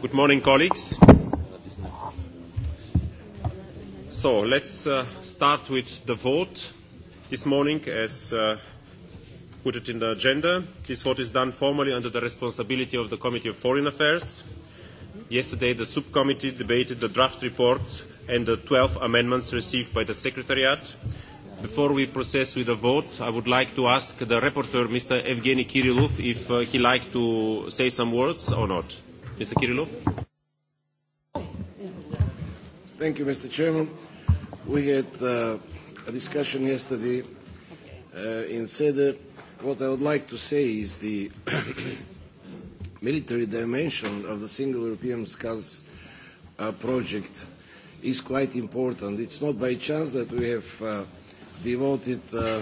Good morning, colleagues. So let's uh, start with the vote this morning as uh, put it in the agenda. This vote is done formally under the responsibility of the Committee of Foreign Affairs. Yesterday, the subcommittee debated the draft report and the 12 amendments received by the Secretariat. Before we process with the vote, I would like to ask the rapporteur, Mr. Evgeny Kirilov, if uh, he like to say some words or not. Mr. Kirilov? Thank you, Mr. Chairman. We had uh, a discussion yesterday uh, in SEDE. What I would like to say is the military dimension of the single European SCAS uh, project is quite important. It's not by chance that we have uh, devoted uh,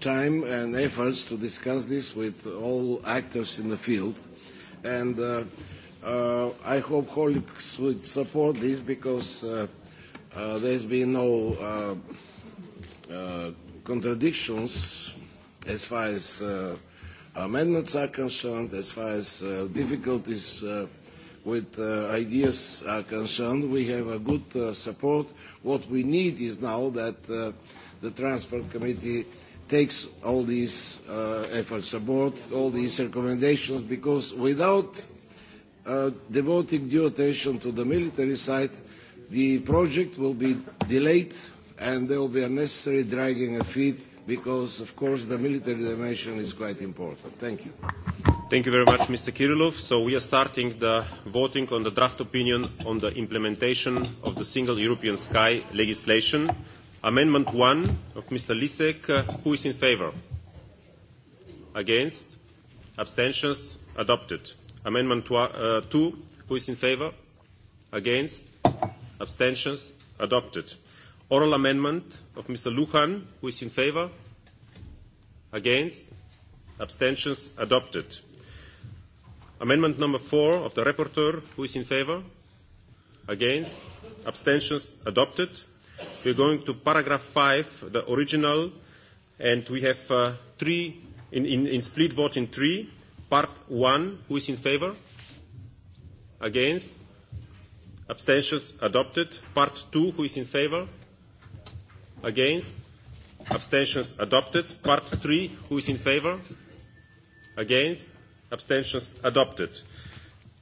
time and efforts to discuss this with all actors in the field. And uh, uh, I hope colleagues would support this because uh, uh, there's been no uh, uh, contradictions as far as uh, amendments are concerned, as far as uh, difficulties uh, with uh, ideas are concerned, we have a good uh, support. What we need is now that uh, the Transport Committee takes all these uh, efforts aboard, all these recommendations, because without uh, devoting due attention to the military side, the project will be delayed and there will be unnecessary dragging of feet because, of course, the military dimension is quite important. Thank you. Thank you very much, Mr. Kirilov. So we are starting the voting on the draft opinion on the implementation of the Single European Sky legislation. Amendment 1 of Mr. Lisek. Uh, who is in favor? Against? Abstentions? Adopted. Amendment tw- uh, 2. Who is in favor? Against? Abstentions? Adopted. Oral amendment of Mr. Lujan. Who is in favor? Against? Abstentions? Adopted. Amendment number four of the rapporteur, who is in favour? Against? Abstentions? Adopted. We're going to paragraph five, the original, and we have uh, three, in, in, in split vote in three. Part one, who is in favour? Against? Abstentions? Adopted. Part two, who is in favour? Against? Abstentions? Adopted. Part three, who is in favour? Against? abstentions adopted.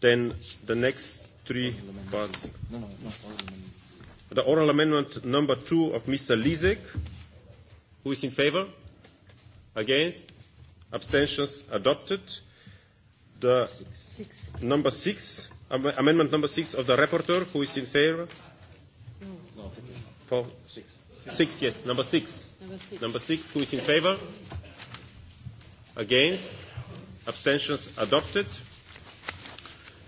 Then the next three parts. No, no, no, oral The oral amendment number two of Mr. Lisek. Who is in favor? Against? Abstentions adopted. The six. number six, am- amendment number six of the rapporteur. Who is in favor? No. six. Six, yes. Number six. Number six. Number six. Who is in favor? Against? Abstentions adopted.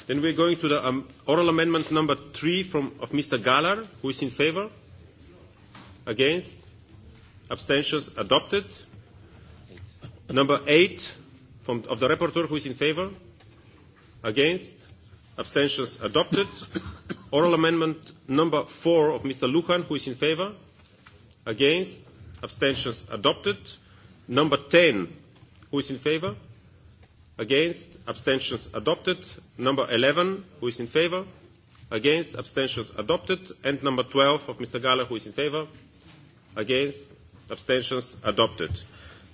Then we're going to the um, oral amendment number three from, of Mr. Galar. Who is in favor? Against? Abstentions adopted. Number eight from, of the rapporteur. Who is in favor? Against? Abstentions adopted. Oral amendment number four of Mr. Lujan. Who is in favor? Against? Abstentions adopted. Number 10. Who is in favor? Against, abstentions adopted. Number 11, who is in favor? Against, abstentions adopted. And number 12 of Mr. Gala, who is in favor? Against, abstentions adopted.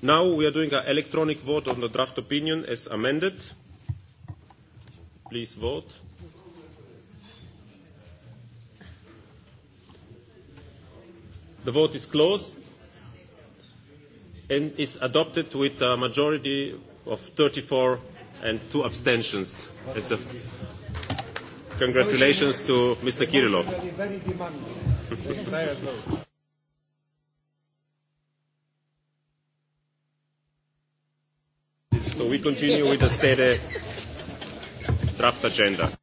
Now we are doing an electronic vote on the draft opinion as amended. Please vote. The vote is closed and is adopted with a majority of 34 and two abstentions. It's a congratulations to Mr. Kirillov. Very demanding. so we continue with the SEDE draft agenda.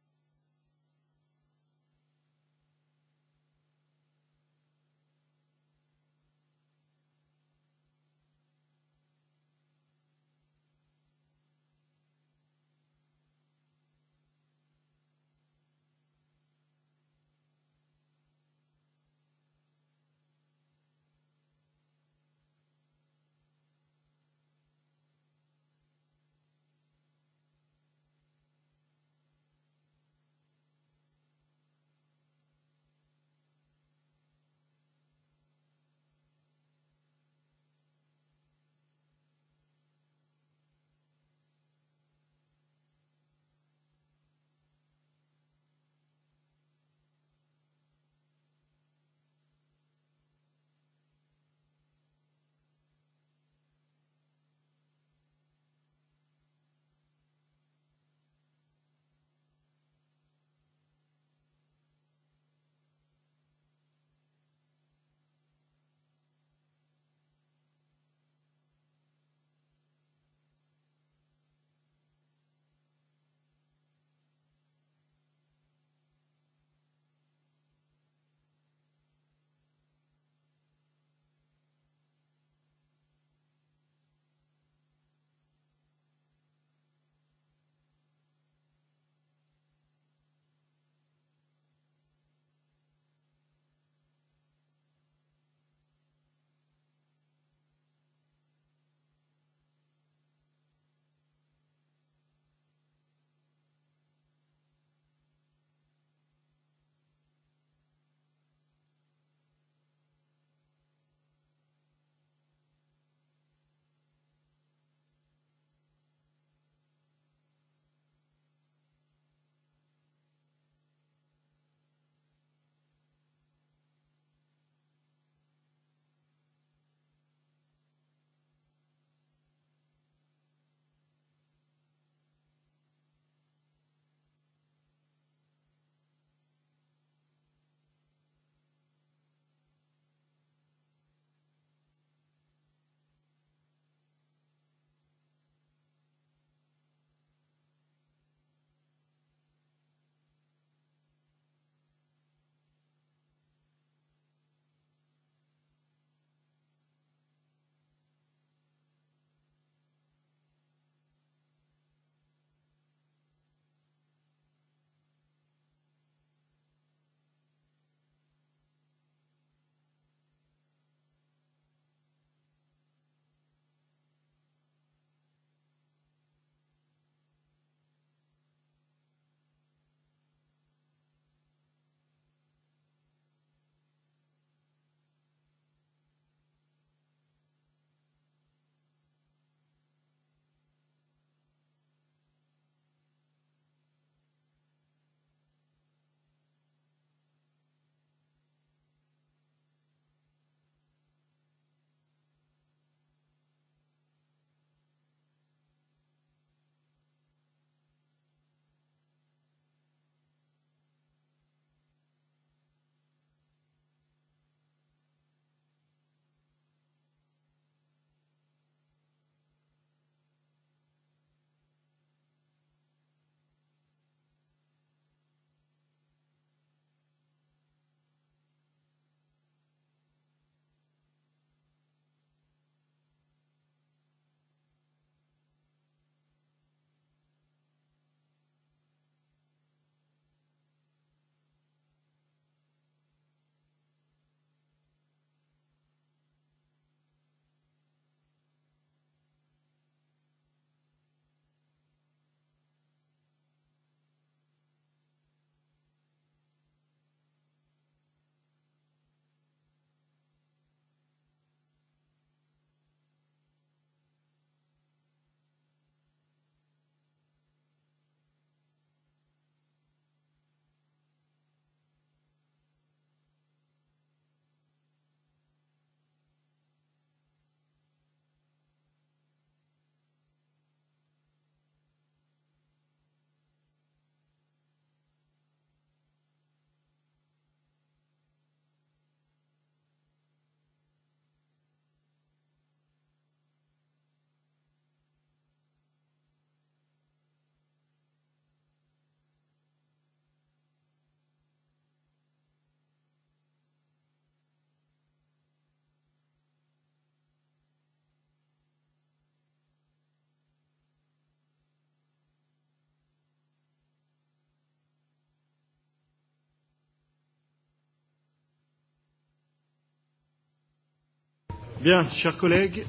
Bien, chers collègues,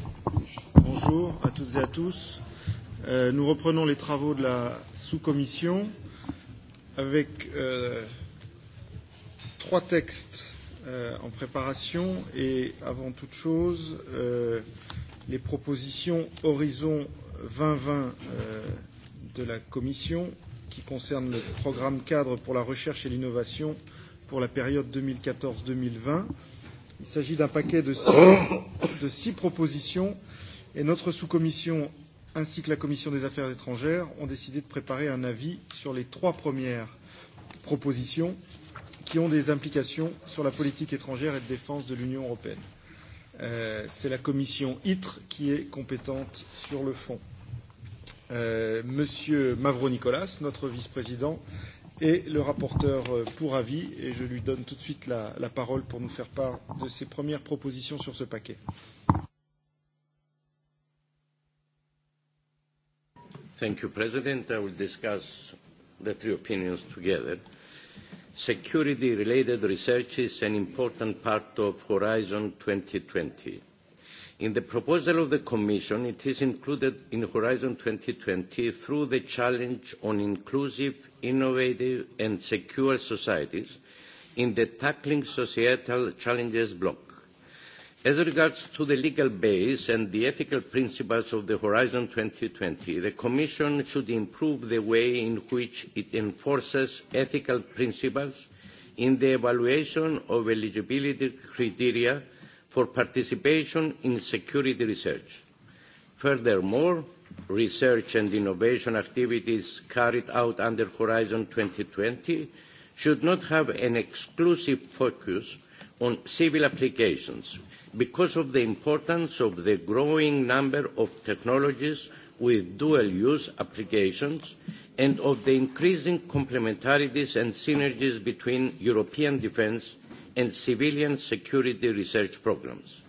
bonjour à toutes et à tous. Euh, nous reprenons les travaux de la sous-commission avec euh, trois textes euh, en préparation et avant toute chose, euh, les propositions Horizon 2020 euh, de la Commission qui concerne le programme cadre pour la recherche et l'innovation pour la période 2014-2020 Il s'agit d'un paquet de six, de six propositions et notre sous-commission ainsi que la commission des affaires étrangères ont décidé de préparer un avis sur les trois premières propositions qui ont des implications sur la politique étrangère et de défense de l'Union européenne. Euh, C'est la commission ITRE qui est compétente sur le fond. Euh, Monsieur Mavro Nicolas, notre vice-président, et le rapporteur pour avis. Et je lui donne tout de suite la, la parole pour nous faire part de ses premières propositions sur ce paquet. Thank you, President. I will discuss the three opinions together. Security-related research is an important part of Horizon 2020 In the proposal of the Commission, it is included in Horizon 2020 through the challenge on inclusive, innovative and secure societies in the Tackling Societal Challenges block. As regards to the legal base and the ethical principles of the Horizon 2020, the Commission should improve the way in which it enforces ethical principles in the evaluation of eligibility criteria for participation in security research. Furthermore, research and innovation activities carried out under Horizon 2020 should not have an exclusive focus on civil applications because of the importance of the growing number of technologies with dual-use applications and of the increasing complementarities and synergies between European defence and civilian security research programs.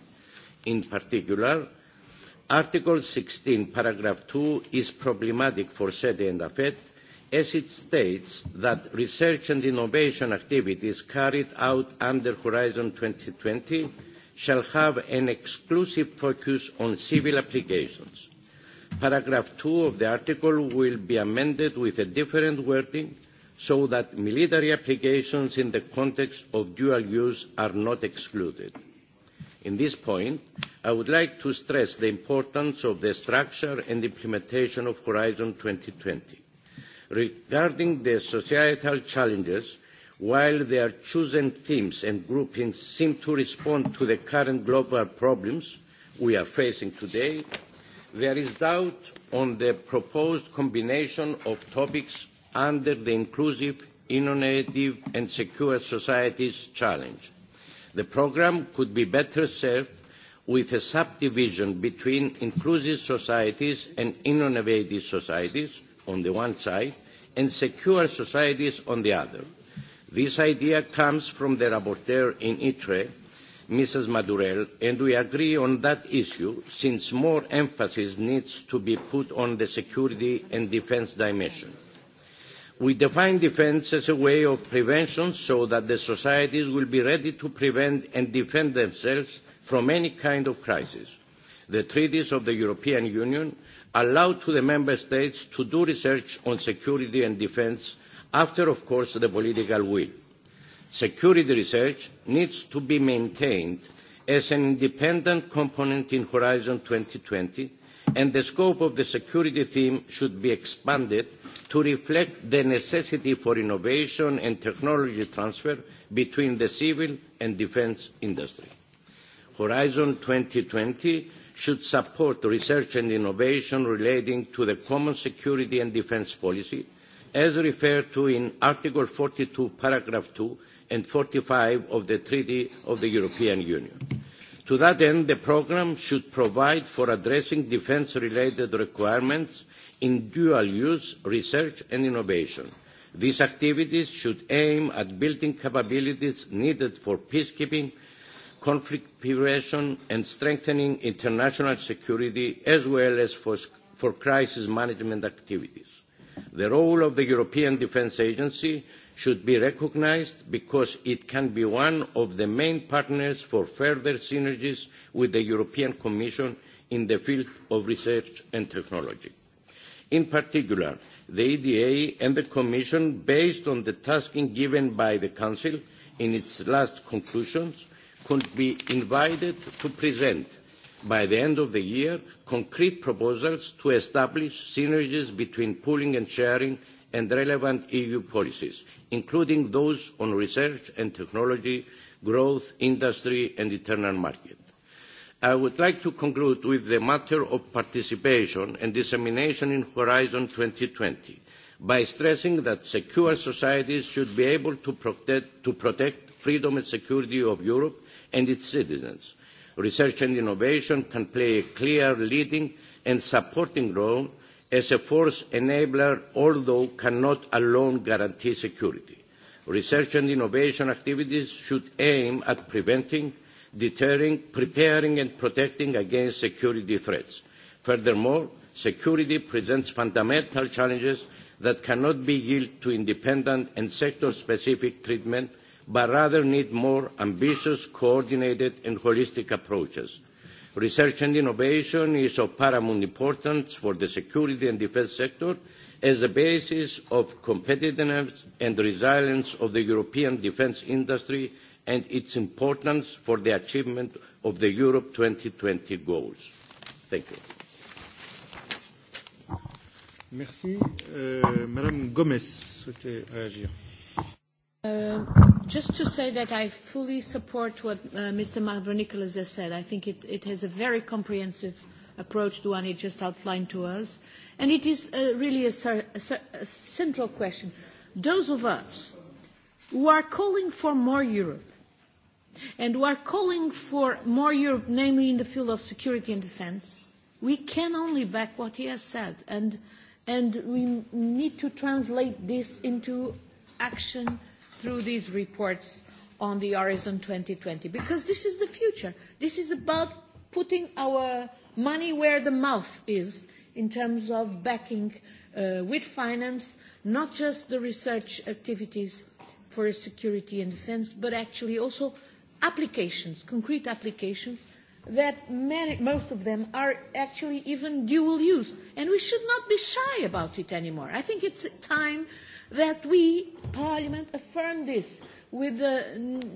In particular, Article 16, paragraph 2 is problematic for SETI and AFET as it states that research and innovation activities carried out under Horizon 2020 shall have an exclusive focus on civil applications. Paragraph 2 of the article will be amended with a different wording – so that military applications in the context of dual use are not excluded. In this point, I would like to stress the importance of the structure and implementation of Horizon twenty. Regarding the societal challenges, while their chosen themes and groupings seem to respond to the current global problems we are facing today, there is doubt on the proposed combination of topics under the inclusive, innovative and secure societies challenge. The programme could be better served with a subdivision between inclusive societies and innovative societies on the one side and secure societies on the other. This idea comes from the rapporteur in ITRE, Mrs. Madurell, and we agree on that issue since more emphasis needs to be put on the security and defence dimensions We define defence as a way of prevention so that the societies will be ready to prevent and defend themselves from any kind of crisis. The treaties of the European Union allow to the Member States to do research on security and defence after, of course, the political will. Security research needs to be maintained as an independent component in Horizon 2020 and the scope of the security theme should be expanded to reflect the necessity for innovation and technology transfer between the civil and defence industry. Horizon twenty should support research and innovation relating to the common security and defence policy, as referred to in Article forty two, paragraph two and forty five of the Treaty of the European Union To that end, the programme should provide for addressing defence-related requirements in dual-use research and innovation. These activities should aim at building capabilities needed for peacekeeping, conflict prevention, and strengthening international security, as well as for, for crisis management activities. The role of the European Defence Agency should be recognised because it can be one of the main partners for further synergies with the European Commission in the field of research and technology. In particular, the EDA and the Commission, based on the tasking given by the Council in its last conclusions, could be invited to present by the end of the year concrete proposals to establish synergies between pooling and sharing and relevant EU policies, including those on research and technology, growth, industry and internal market. I would like to conclude with the matter of participation and dissemination in Horizon twenty by stressing that secure societies should be able to protect, to protect freedom and security of Europe and its citizens. Research and innovation can play a clear leading and supporting role as a force enabler, although cannot alone guarantee security. Research and innovation activities should aim at preventing, deterring, preparing and protecting against security threats. Furthermore, security presents fundamental challenges that cannot be yielded to independent and sector-specific treatment, but rather need more ambitious, coordinated and holistic approaches. Research and innovation is of paramount importance for the security and defence sector as a basis of competitiveness and resilience of the European defence industry and its importance for the achievement of the Europe 2020 goals. Thank you. Merci. Euh, Madame Gomez souhaitait réagir just to say that I fully support what uh, Mr. Mavronikolas has said. I think it, it has a very comprehensive approach, the one he just outlined to us. And it is uh, really a, a, a central question. Those of us who are calling for more Europe and who are calling for more Europe, namely in the field of security and defence, we can only back what he has said. And, and we need to translate this into action – through these reports on the Horizon 2020, because this is the future. This is about putting our money where the mouth is in terms of backing uh, with finance, not just the research activities for security and defense, but actually also applications, concrete applications, that many, most of them are actually even dual use. And we should not be shy about it anymore. I think it's time uh, that we, Parliament, affirm this with uh,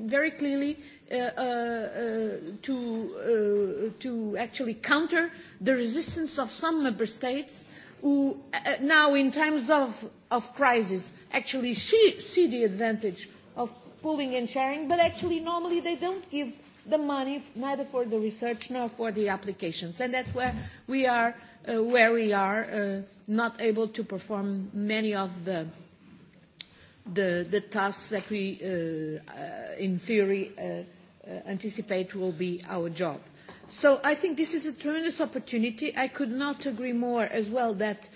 very clearly uh, uh, to, uh, to actually counter the resistance of some member states who uh, now in times of, of crisis actually see, see the advantage of pooling and sharing, but actually normally they don't give the money neither for the research nor for the applications. And that's where we are, uh, where we are uh, not able to perform many of the the, the tasks that we, uh, uh, in theory, uh, uh, anticipate will be our job. So I think this is a tremendous opportunity. I could not agree more as well that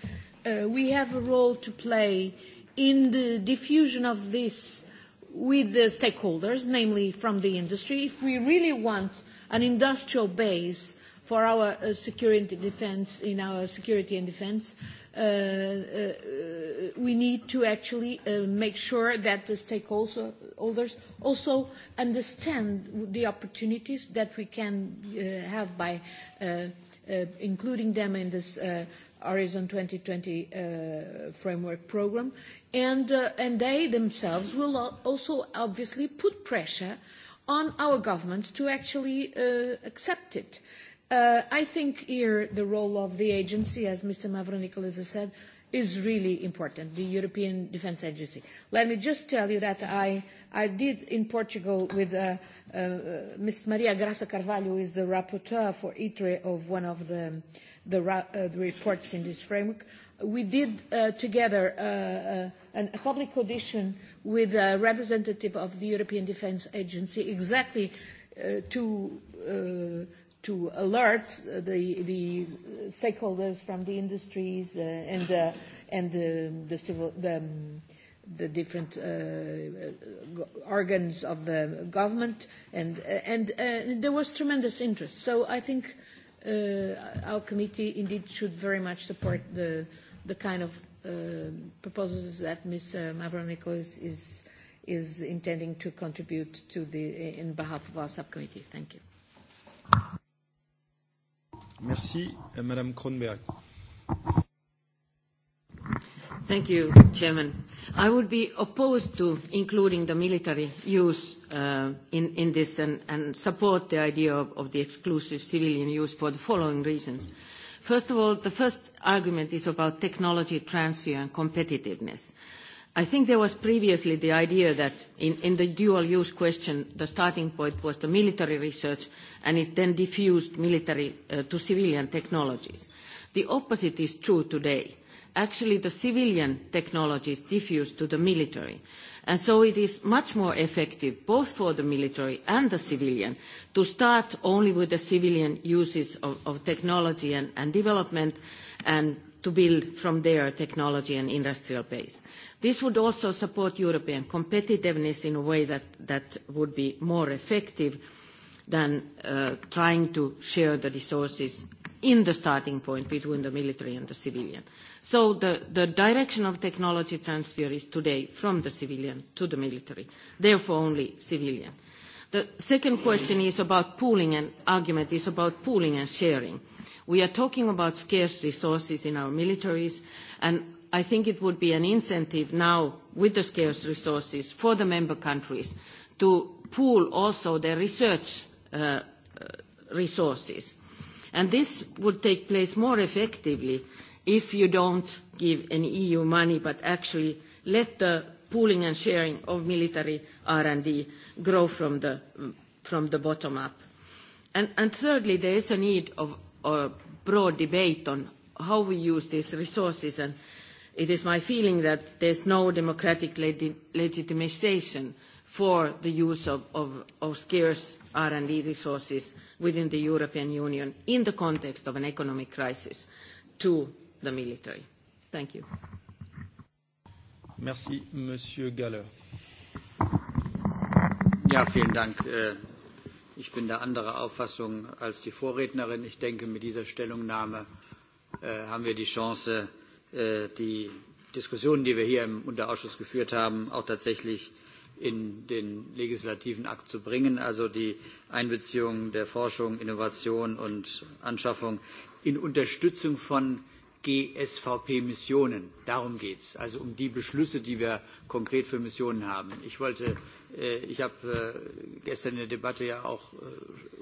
uh, we have a role to play in the diffusion of this with the stakeholders, namely from the industry. If we really want an industrial base for our uh, security and defense, in our security and defense, uh, we need to actually make sure that the stakeholders also understand the opportunities that we can have by including them in this Horizon 2020 uh, framework program, and, uh, and they themselves will also obviously put pressure on our governments to actually uh, accept it. Uh, I think here the role of the agency, as Mr. Mavronikolas has said, is really important, the European Defence Agency. Let me just tell you that I, I did in Portugal with uh, uh, Ms. Maria Graça Carvalho, who is the rapporteur for ITRE of one of the, the, ra uh, the reports in this framework. We did uh, together uh, uh, a public audition with a representative of the European Defence Agency exactly uh, to uh, to alert the, the stakeholders from the industries uh, and, uh, and the, the, civil, the, um, the different uh, organs of the government. And, and uh, there was tremendous interest. So I think uh, our committee indeed should very much support the, the kind of uh, proposals that Mr. Mavronikos is, is intending to contribute to the, in behalf of our subcommittee. Thank you. Merci, Madame Kronberg. Thank you, Chairman. I would be opposed to including the military use in this and support the idea of the exclusive civilian use for the following reasons. First of all, the first argument is about technology transfer and competitiveness. I think there was previously the idea that in, in the dual-use question, the starting point was the military research, and it then diffused military to civilian technologies. The opposite is true today. Actually, the civilian technologies diffuse to the military. And so it is much more effective, both for the military and the civilian, to start only with the civilian uses of, of technology and, and development and to build from their technology and industrial base. This would also support European competitiveness in a way that would be more effective than trying to share the resources in the starting point between the military and the civilian. So the direction of technology transfer is today from the civilian to the military, therefore only civilian. The second question is about pooling and argument is about pooling and sharing. We are talking about scarce resources in our militaries, and I think it would be an incentive now with the scarce resources for the member countries to pool also their research resources. And this would take place more effectively if you don't give any EU money, but actually let the pooling and sharing of military R&D grow from the, from the bottom up. And, and thirdly, there is a need of a broad debate on how we use these resources, and it is my feeling that there is no democratic legitimization for the use of, of, of scarce R&D resources within the European Union in the context of an economic crisis to the military. Thank you. Merci, Monsieur Galler vielen Dank. Ich bin da anderer Auffassung als die Vorrednerin. Ich denke, mit dieser Stellungnahme haben wir die Chance, die Diskussionen, die wir hier im Unterausschuss geführt haben, auch tatsächlich in den legislativen Akt zu bringen, also die Einbeziehung der Forschung, Innovation und Anschaffung in Unterstützung von GSVP-Missionen. Darum geht es, also um die Beschlüsse, die wir konkret für Missionen haben. Ich wollte Ich habe gestern in der Debatte ja auch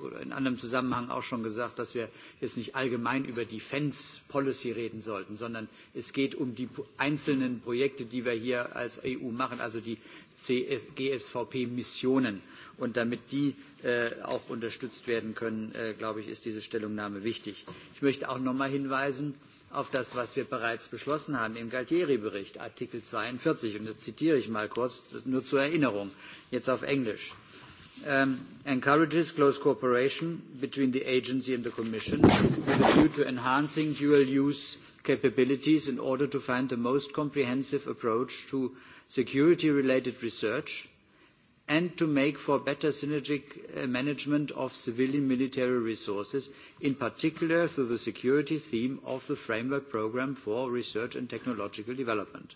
oder in anderem Zusammenhang auch schon gesagt, dass wir jetzt nicht allgemein über Defense Policy reden sollten, sondern es geht um die einzelnen Projekte, die wir hier als EU machen, also die GSVP-Missionen. Und damit die auch unterstützt werden können, glaube ich, ist diese Stellungnahme wichtig. Ich möchte auch noch einmal hinweisen, auf das, was wir bereits beschlossen haben im Galtieri-Bericht, Artikel 42. Und das zitiere ich mal kurz, nur zur Erinnerung, jetzt auf Englisch. encourages close cooperation between the agency and the Commission with a view to enhancing dual-use capabilities in order to find the most comprehensive approach to security-related research and to make for better synergic management of civilian military resources, in particular through the security theme of the Framework Programme for Research and Technological Development.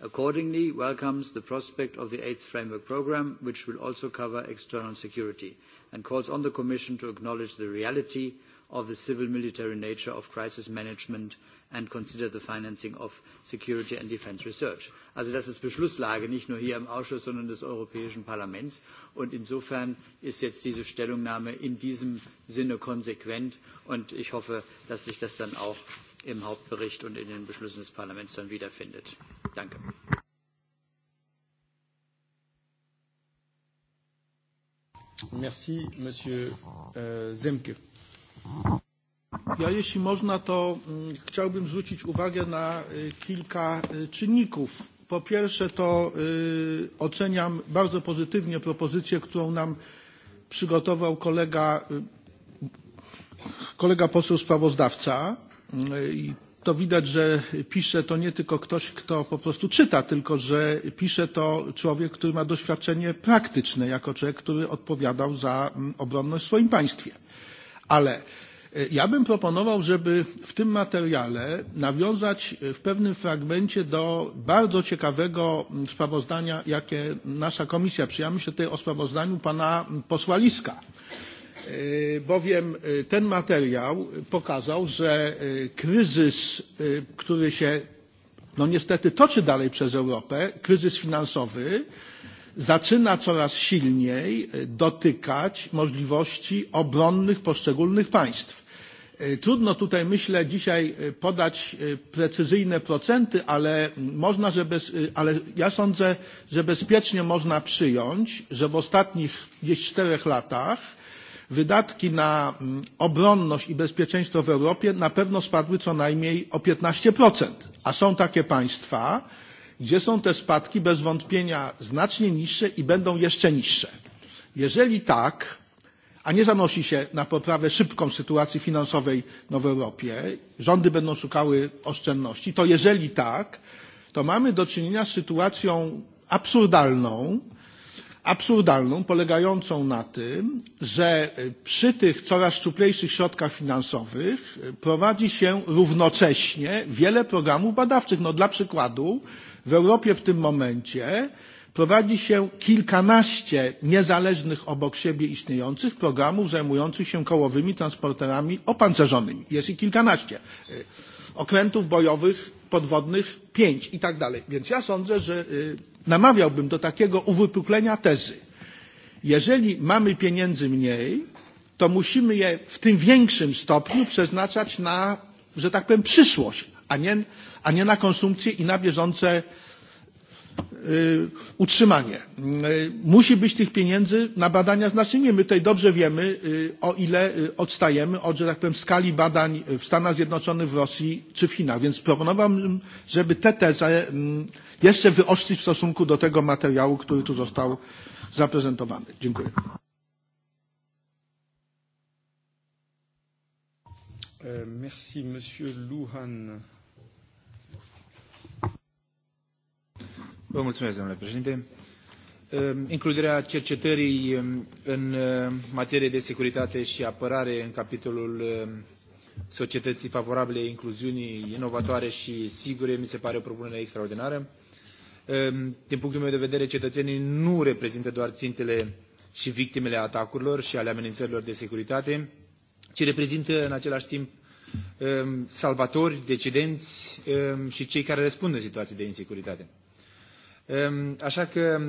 Accordingly, it welcomes the prospect of the eighth Framework Programme, which will also cover external security, and calls on the Commission to acknowledge the reality of the civil military nature of crisis management and consider the financing of security and defence research. Also das ist Beschlusslage, nicht nur hier im Ausschuss, sondern des Europäischen Parlaments. Und insofern ist jetzt diese Stellungnahme in diesem Sinne konsequent. Und ich hoffe, dass sich das dann auch im Hauptbericht und in den Beschlüssen des Parlaments dann wiederfindet. Danke. Merci, Monsieur Zemke. Ja, jeśli można, to chciałbym zwrócić uwagę na kilka czynników. Po pierwsze, to oceniam bardzo pozytywnie propozycję, którą nam przygotował kolega, kolega poseł sprawozdawca. I to widać, że pisze to nie tylko ktoś, kto po prostu czyta, tylko że pisze to człowiek, który ma doświadczenie praktyczne, jako człowiek, który odpowiadał za obronność w swoim państwie. Ale ja bym proponował, żeby w tym materiale nawiązać w pewnym fragmencie do bardzo ciekawego sprawozdania, jakie nasza komisja przyjęła. Myślę tutaj o sprawozdaniu pana posła Liska, bowiem ten materiał pokazał, że kryzys, który się no niestety toczy dalej przez Europę, kryzys finansowy, zaczyna coraz silniej dotykać możliwości obronnych poszczególnych państw. Trudno tutaj, myślę, dzisiaj podać precyzyjne procenty, ale, można, że bez, ale ja sądzę, że bezpiecznie można przyjąć, że w ostatnich gdzieś czterech latach wydatki na obronność i bezpieczeństwo w Europie na pewno spadły co najmniej o 15%. A są takie państwa, gdzie są te spadki bez wątpienia znacznie niższe i będą jeszcze niższe. Jeżeli tak, a nie zanosi się na poprawę szybką sytuacji finansowej w Europie, rządy będą szukały oszczędności, to jeżeli tak, to mamy do czynienia z sytuacją absurdalną, absurdalną, polegającą na tym, że przy tych coraz szczuplejszych środkach finansowych prowadzi się równocześnie wiele programów badawczych. No, dla przykładu W Europie w tym momencie prowadzi się kilkanaście niezależnych obok siebie istniejących programów zajmujących się kołowymi transporterami opancerzonymi. Jest ich kilkanaście. Okrętów bojowych, podwodnych pięć i tak dalej. Więc ja sądzę, że namawiałbym do takiego uwypuklenia tezy. Jeżeli mamy pieniędzy mniej, to musimy je w tym większym stopniu przeznaczać na, że tak powiem, przyszłość, a nie, a nie na konsumpcję i na bieżące utrzymanie. Musi być tych pieniędzy na badania znacznie My tutaj dobrze wiemy, o ile odstajemy od, że tak powiem, skali badań w Stanach Zjednoczonych, w Rosji czy w Chinach. Więc proponowałbym, żeby tę tezę jeszcze wyostrzyć w stosunku do tego materiału, który tu został zaprezentowany. Dziękuję. Merci, monsieur Luhan. Vă mulțumesc, domnule președinte. Includerea cercetării în materie de securitate și apărare în capitolul societății favorabile incluziunii inovatoare și sigure mi se pare o propunere extraordinară. Din punctul meu de vedere, cetățenii nu reprezintă doar țintele și victimele atacurilor și ale amenințărilor de securitate, ci reprezintă în același timp salvatori, decidenți și cei care răspund în situații de insecuritate. Așa că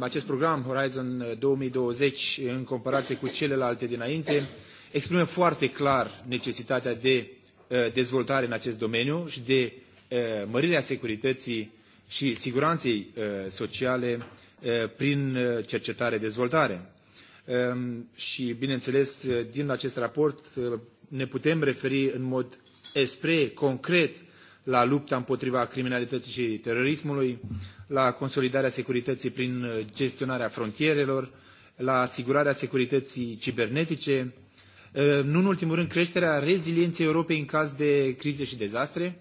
acest program Horizon 2020, în comparație cu celelalte dinainte, exprimă foarte clar necesitatea de dezvoltare în acest domeniu și de mărirea securității și siguranței sociale prin cercetare-dezvoltare. Și, bineînțeles, din acest raport ne putem referi în mod spre concret la lupta împotriva criminalității și terorismului, la consolidarea securității prin gestionarea frontierelor, la asigurarea securității cibernetice, nu în ultimul rând creșterea rezilienței Europei în caz de crize și dezastre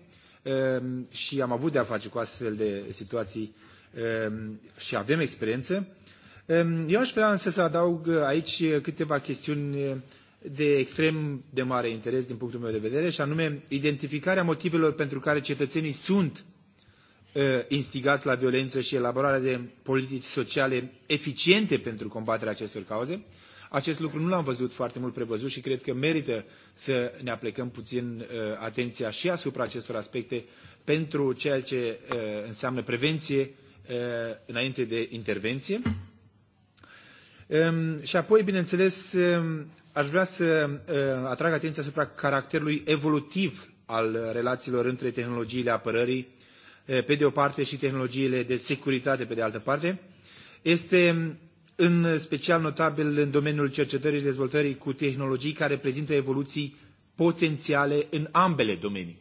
și am avut de a face cu astfel de situații și avem experiență. Eu aș vrea însă să adaug aici câteva chestiuni de extrem de mare interes din punctul meu de vedere, și anume identificarea motivelor pentru care cetățenii sunt instigați la violență și elaborarea de politici sociale eficiente pentru combaterea acestor cauze. Acest lucru nu l-am văzut foarte mult prevăzut și cred că merită să ne aplicăm puțin atenția și asupra acestor aspecte pentru ceea ce înseamnă prevenție înainte de intervenție. Și apoi, bineînțeles, aș vrea să atrag atenția asupra caracterului evolutiv al relațiilor între tehnologiile apărării pe de o parte, și tehnologiile de securitate, pe de altă parte. Este în special notabil în domeniul cercetării și dezvoltării cu tehnologii care prezintă evoluții potențiale în ambele domenii.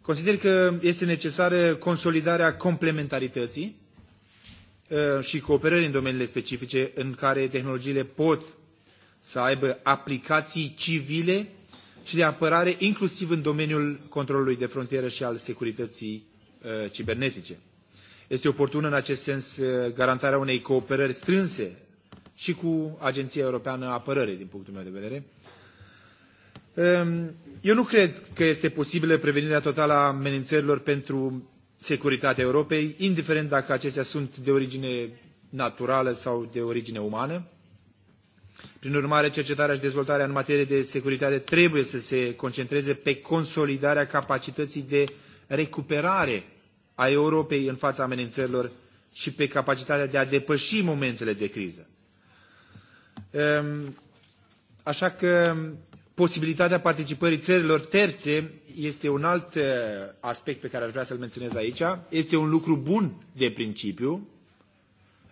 Consider că este necesară consolidarea complementarității și cooperării în domeniile specifice în care tehnologiile pot să aibă aplicații civile și de apărare, inclusiv în domeniul controlului de frontieră și al securității cibernetice. Este oportună în acest sens garantarea unei cooperări strânse și cu Agenția Europeană a Apărării, din punctul meu de vedere. Eu nu cred că este posibilă prevenirea totală a amenințărilor pentru securitatea Europei, indiferent dacă acestea sunt de origine naturală sau de origine umană. Prin urmare, cercetarea și dezvoltarea în materie de securitate trebuie să se concentreze pe consolidarea capacității de recuperare a Europei în fața amenințărilor și pe capacitatea de a depăși momentele de criză. Așa că posibilitatea participării țărilor terțe este un alt aspect pe care aș vrea să-l menționez aici. Este un lucru bun de principiu,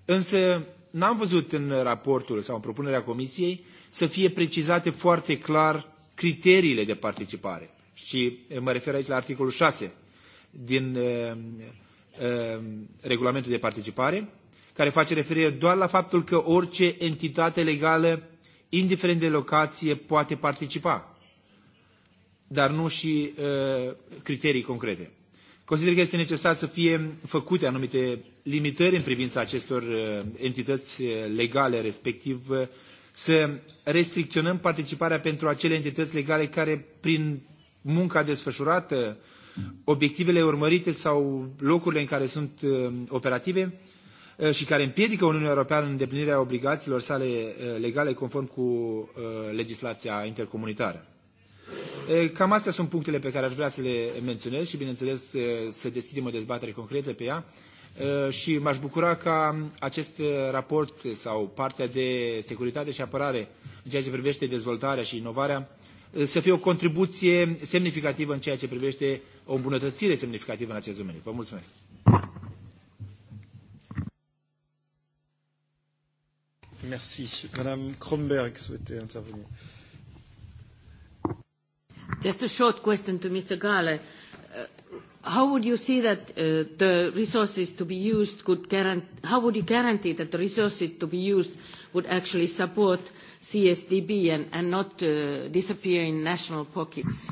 însă n-am văzut în raportul sau în propunerea Comisiei să fie precizate foarte clar criteriile de participare. Și mă refer aici la articolul 6 din uh, uh, regulamentul de participare, care face referire doar la faptul că orice entitate legală, indiferent de locație, poate participa, dar nu și uh, criterii concrete. Consider că este necesar să fie făcute anumite limitări în privința acestor entități legale, respectiv să restricționăm participarea pentru acele entități legale care, prin munca desfășurată, obiectivele urmărite sau locurile în care sunt operative și care împiedică Uniunea Europeană în îndeplinirea obligațiilor sale legale conform cu legislația intercomunitară. Cam astea sunt punctele pe care aș vrea să le menționez și, bineînțeles, să deschidem o dezbatere concretă pe ea și m-aș bucura ca acest raport sau partea de securitate și apărare în ceea ce privește dezvoltarea și inovarea să fie o contribuție semnificativă în ceea ce privește o îmbunătățire semnificativă în acest domeniu. Vă mulțumesc! Merci. Madame Kronberg souhaitait intervenir. Just a short question to Mr. Gahler. How would you see that the resources to be used could guarantee, how would you guarantee that the resources to be used would actually support CSDB and not disappear in national pockets?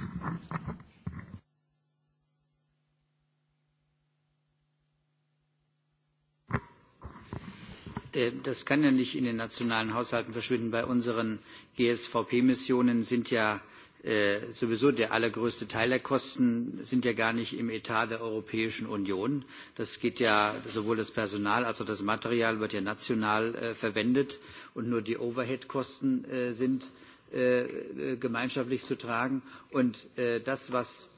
das kann ja nicht in den nationalen Haushalten verschwinden. Bei unseren GSVP-Missionen sind ja sowieso der allergrößte Teil der Kosten sind ja gar nicht im Etat der Europäischen Union. Das geht ja sowohl das Personal als auch das Material wird ja national verwendet und nur die Overhead-Kosten sind gemeinschaftlich zu tragen. Und das, was,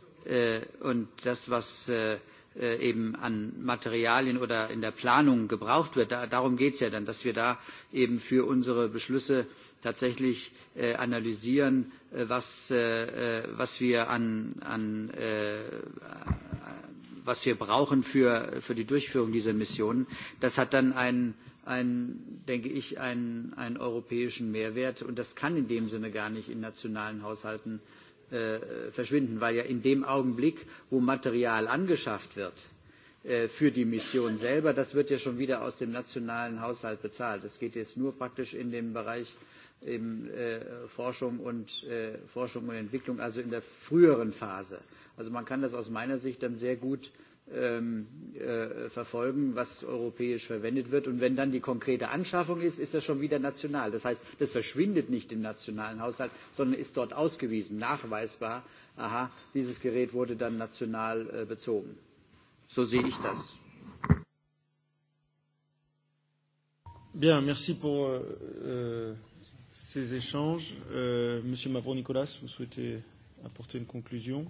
eben an Materialien oder in der Planung gebraucht wird, darum geht es ja dann, dass wir da eben für unsere Beschlüsse tatsächlich analysieren, was, wir an, was wir brauchen für, die Durchführung dieser Missionen. Das hat dann einen, denke ich, einen, europäischen Mehrwert und das kann in dem Sinne gar nicht in nationalen Haushalten verschwinden, weil ja in dem Augenblick, wo Material angeschafft wird, für die Mission selber. Das wird ja schon wieder aus dem nationalen Haushalt bezahlt. Das geht jetzt nur praktisch in den Bereich in Forschung, und, Forschung und Entwicklung, also in der früheren Phase. Also man kann das aus meiner Sicht dann sehr gut verfolgen, was europäisch verwendet wird. Und wenn dann die konkrete Anschaffung ist, ist das schon wieder national. Das heißt, das verschwindet nicht im nationalen Haushalt, sondern ist dort ausgewiesen, nachweisbar, aha, dieses Gerät wurde dann national bezogen. So sehe ich das. Bien, merci pour euh, ces échanges. Euh, Monsieur Mavro-Nicolas, vous souhaitez apporter une conclusion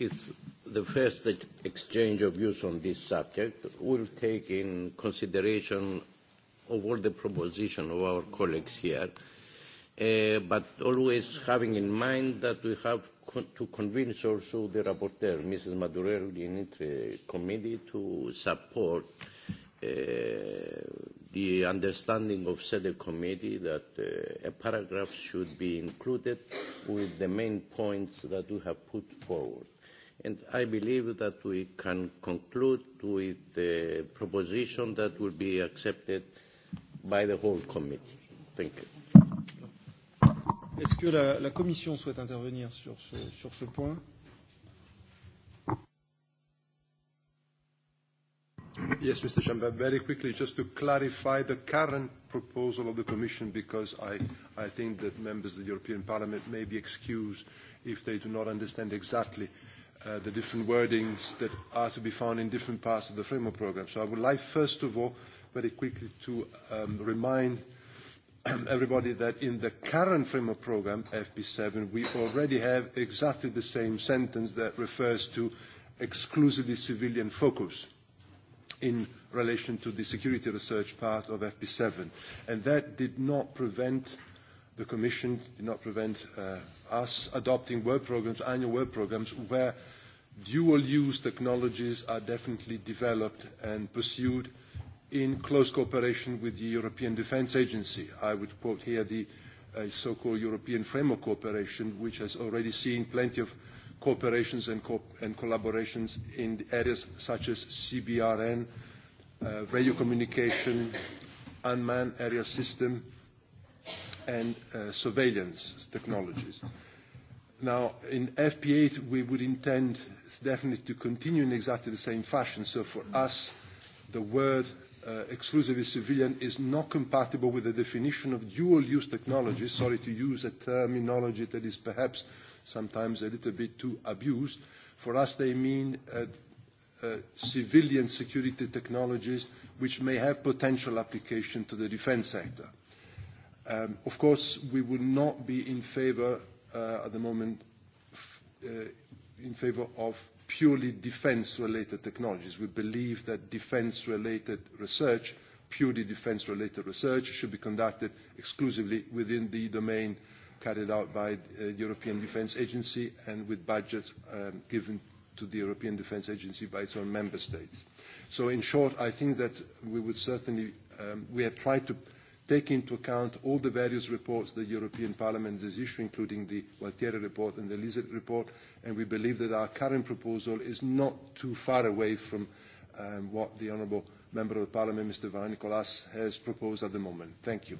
It's the first exchange of views on this subject. will take in consideration of all the proposition of our colleagues here, uh, but always having in mind that we have con to convince also the rapporteur, Mrs. Madurell, in the committee to support uh, the understanding of SEDE committee that uh, a paragraph should be included with the main points that we have put forward. And I believe that we can conclude with the proposition that will be accepted by the whole committee. Thank you. Est-ce que la, la Commission souhaite intervenir sur ce, sur ce point Yes, Mr. Chamber, very quickly, just to clarify the current proposal of the Commission, because I, I think that members of the European Parliament may be excused if they do not understand exactly uh, the different wordings that are to be found in different parts of the framework programme. So I would like, first of all, very quickly to um, remind everybody that in the current framework programme, FP7, we already have exactly the same sentence that refers to exclusively civilian focus in relation to the security research part of FP7. And that did not prevent the Commission, did not prevent uh, us adopting work programs, annual work programs, where dual-use technologies are definitely developed and pursued in close cooperation with the European Defence Agency. I would quote here the uh, so-called European Framework Cooperation, which has already seen plenty of cooperations and, co- and collaborations in areas such as CBRN, uh, radio communication, unmanned area system, and uh, surveillance technologies. Now, in FP8, we would intend definitely to continue in exactly the same fashion. So for us, the word uh, exclusively civilian is not compatible with the definition of dual-use technology. Sorry to use a terminology that is perhaps sometimes a little bit too abused. For us, they mean uh, uh, civilian security technologies which may have potential application to the defense sector. Um, of course, we would not be in favor uh, at the moment f- uh, in favor of purely defense-related technologies. We believe that defense-related research, purely defense-related research, should be conducted exclusively within the domain carried out by the European Defence Agency and with budgets um, given to the European Defence Agency by its own member states. So in short, I think that we would certainly, um, we have tried to take into account all the various reports the European Parliament has issued, including the Gualtieri report and the Lizard report, and we believe that our current proposal is not too far away from um, what the Honourable Member of Parliament, Mr. Van Nicolas, has proposed at the moment. Thank you.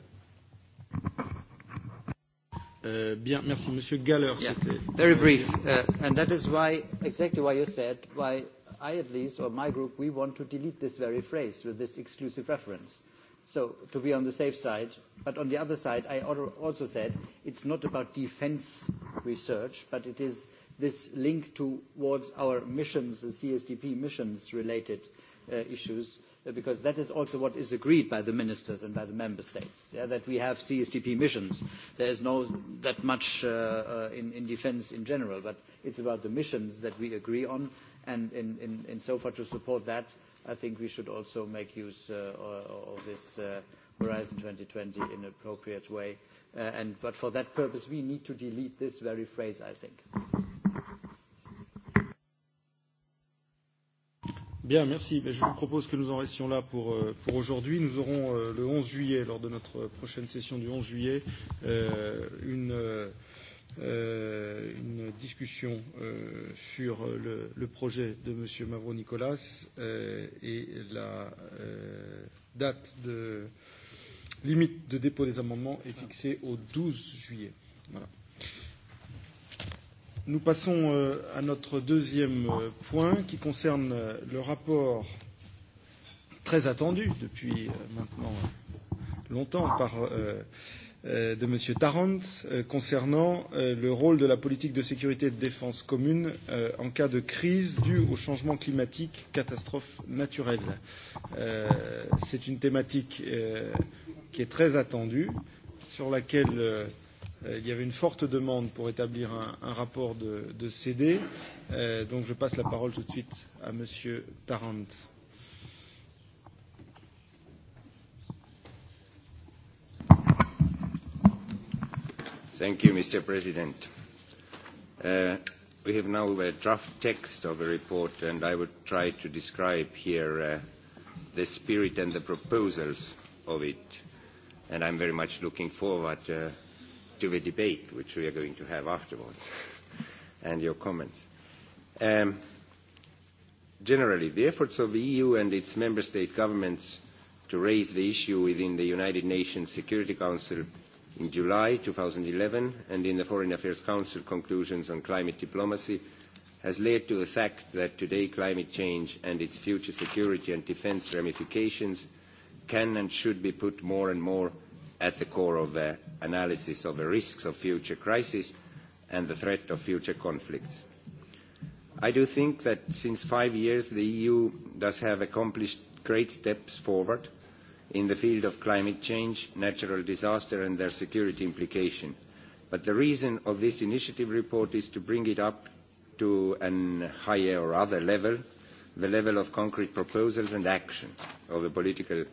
Uh, bien, merci. Monsieur Galler, yeah. Very brief, uh, and that is why, exactly why you said, why I at least, or my group, we want to delete this very phrase with this exclusive reference so to be on the safe side. But on the other side, I also said it's not about defense research, but it is this link towards our missions, the CSDP missions-related issues, because that is also what is agreed by the ministers and by the member states, that we have CSDP missions. There is no that much in defense in general, but it's about the missions that we agree on, and in so far to support that, I think we should also make use of this Horizon 2020 in an appropriate way. But for that purpose, we need to delete this very phrase, I think. Bien, merci. Je vous propose que nous en restions là pour, pour aujourd'hui. Nous aurons le 11 juillet, lors de notre prochaine session du 11 juillet, une euh, une discussion euh, sur le, le projet de M. Mavro-Nicolas euh, et la euh, date de limite de dépôt des amendements est fixée au 12 juillet. Voilà. Nous passons euh, à notre deuxième point qui concerne le rapport très attendu depuis euh, maintenant longtemps par euh, de M. Tarrant concernant le rôle de la politique de sécurité et de défense commune en cas de crise due au changement climatique, catastrophe naturelle. C'est une thématique qui est très attendue, sur laquelle il y avait une forte demande pour établir un, rapport de, CD. donc je passe la parole tout de suite à M. Tarrant. Thank you, Mr. President. We have now a draft text of a report, and I would try to describe here the spirit and the proposals of it. And I'm very much looking forward to the debate, which we are going to have afterwards, and your comments. Generally, the efforts of the EU and its member state governments to raise the issue within the United Nations Security Council in July 2011 and in the Foreign Affairs Council conclusions on climate diplomacy has led to the fact that today climate change and its future security and defence ramifications can and should be put more and more at the core of the analysis of the risks of future crises and the threat of future conflicts. I do think that since five years the EU does have accomplished great steps forward in the field of climate change, natural disaster and their security implication. But the reason of this initiative report is to bring it up to a higher or other level, the level of concrete proposals and action of a political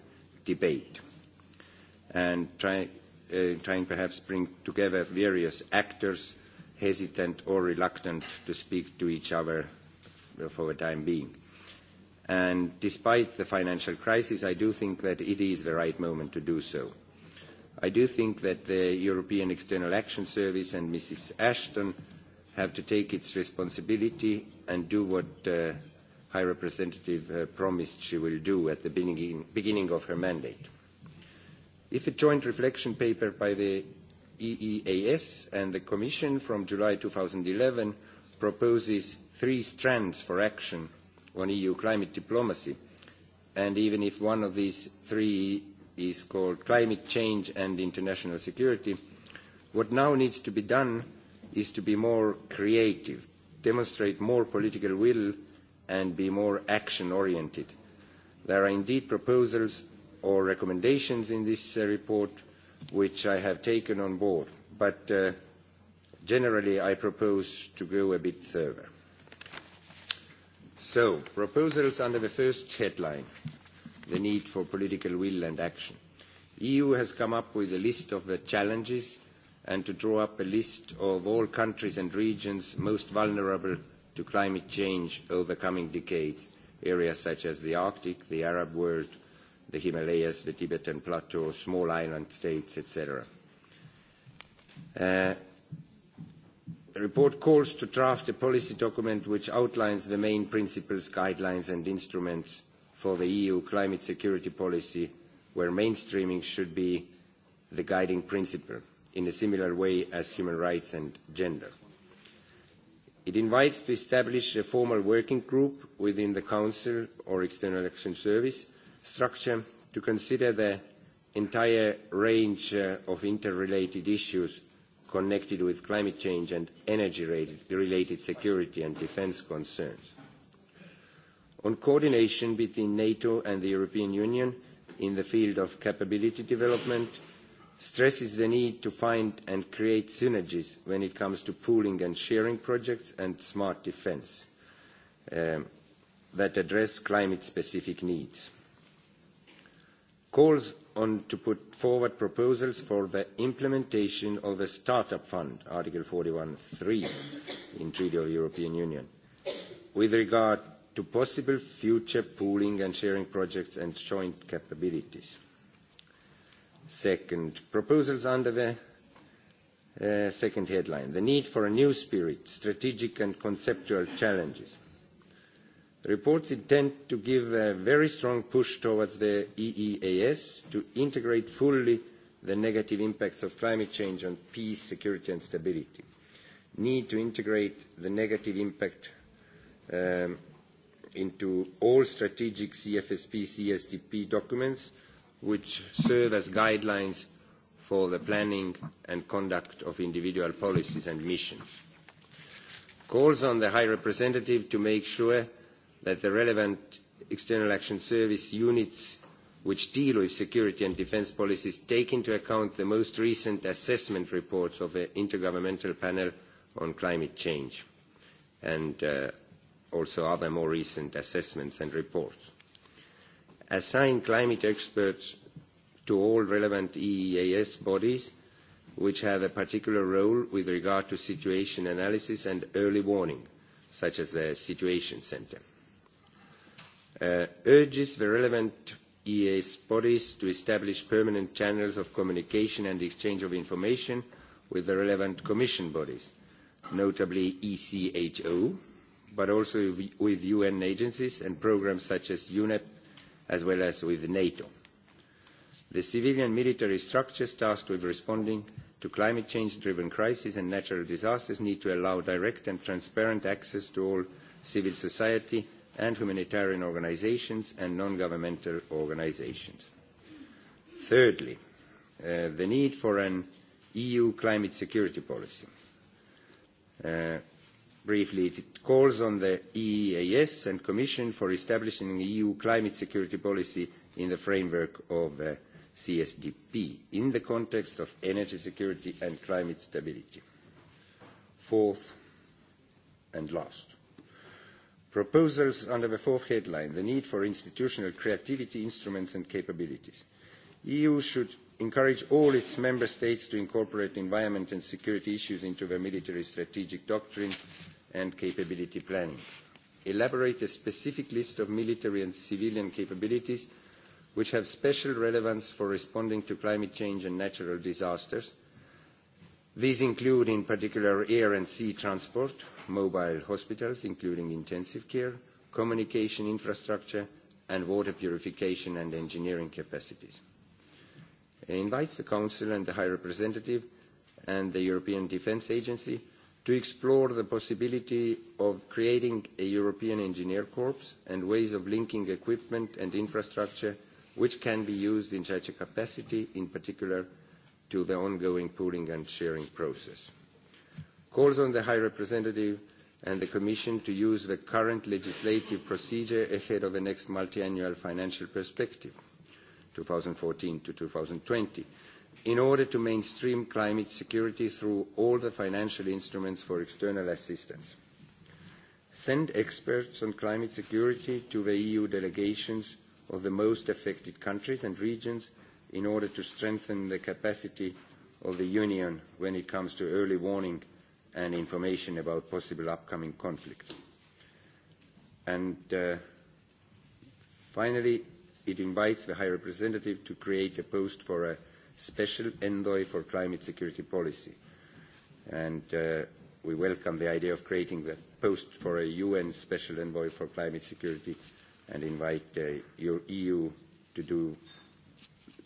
debate, and try, uh, trying perhaps bring together various actors hesitant or reluctant to speak to each other for the time being. And despite the financial crisis, I do think that it is the right moment to do so. I do think that the European External Action Service and Mrs. Ashton have to take its responsibility and do what High Representative promised she will do at the beginning, beginning of her mandate. If a joint reflection paper by the EEAS and the Commission from July 2011 proposes three strands for action – on EU climate diplomacy. And even if one of these three is called climate change and international security, what now needs to be done is to be more creative, demonstrate more political will, and be more action-oriented. There are indeed proposals or recommendations in this report which I have taken on board, but generally I propose to go a bit further. So, proposals under the first headline, the need for political will and action. The EU has come up with a list of the challenges and to draw up a list of all countries and regions most vulnerable to climate change over the coming decades, areas such as the Arctic, the Arab world, the Himalayas, the Tibetan Plateau, small island states, etc. The report calls to draft a policy document which outlines the main principles, guidelines and instruments for the EU climate security policy, where mainstreaming should be the guiding principle in a similar way as human rights and gender. It invites to establish a formal working group within the Council or External Action Service structure to consider the entire range of interrelated issues connected with climate change and energy-related security and defence concerns. On coordination between NATO and the European Union in the field of capability development stresses the need to find and create synergies when it comes to pooling and sharing projects and smart defence that address climate-specific needs. Calls on to put forward proposals for the implementation of the Startup Fund, Article 41.3 in Treaty of European Union, with regard to possible future pooling and sharing projects and joint capabilities. Second, proposals under the second headline, the need for a new spirit, strategic and conceptual challenges reports intend to give a very strong push towards the EEAS to integrate fully the negative impacts of climate change on peace, security and stability. Need to integrate the negative impact into all strategic CFSP, CSDP documents, which serve as guidelines for the planning and conduct of individual policies and missions. Calls on the High Representative to make sure that the relevant external action service units which deal with security and defence policies take into account the most recent assessment reports of the intergovernmental panel on climate change and also other more recent assessments and reports. Assign climate experts to all relevant EEAS bodies which have a particular role with regard to situation analysis and early warning, such as the Situation Centre urges the relevant EEA's bodies to establish permanent channels of communication and exchange of information with the relevant Commission bodies, notably ECHO, but also with UN agencies and programmes such as UNEP, as well as with NATO. The civilian military structures tasked with responding to climate change-driven crises and natural disasters need to allow direct and transparent access to all civil society and humanitarian organisations and non-governmental organisations. Thirdly, the need for an EU climate security policy. briefly, it calls on the EEAS and Commission for establishing an EU climate security policy in the framework of the CSDP in the context of energy security and climate stability. Fourth and last, Proposals under the fourth headline, the need for institutional creativity, instruments and capabilities. The EU should encourage all its member states to incorporate environment and security issues into their military strategic doctrine and capability planning. Elaborate a specific list of military and civilian capabilities which have special relevance for responding to climate change and natural disasters. These include, in particular, air and sea transport, mobile hospitals, including intensive care, communication infrastructure, and water purification and engineering capacities. It invites the Council and the High Representative and the European Defence Agency to explore the possibility of creating a European Engineer Corps and ways of linking equipment and infrastructure which can be used in such a capacity, in particular to the ongoing pooling and sharing process calls on the High Representative and the Commission to use the current legislative procedure ahead of the next multiannual financial perspective, 2014 to 2020, in order to mainstream climate security through all the financial instruments for external assistance. Send experts on climate security to the EU delegations of the most affected countries and regions in order to strengthen the capacity of the Union when it comes to early warning and information about possible upcoming conflict. And finally, it invites the High Representative to create a post for a special envoy for climate security policy. And we welcome the idea of creating the post for a UN special envoy for climate security and invite your EU to do,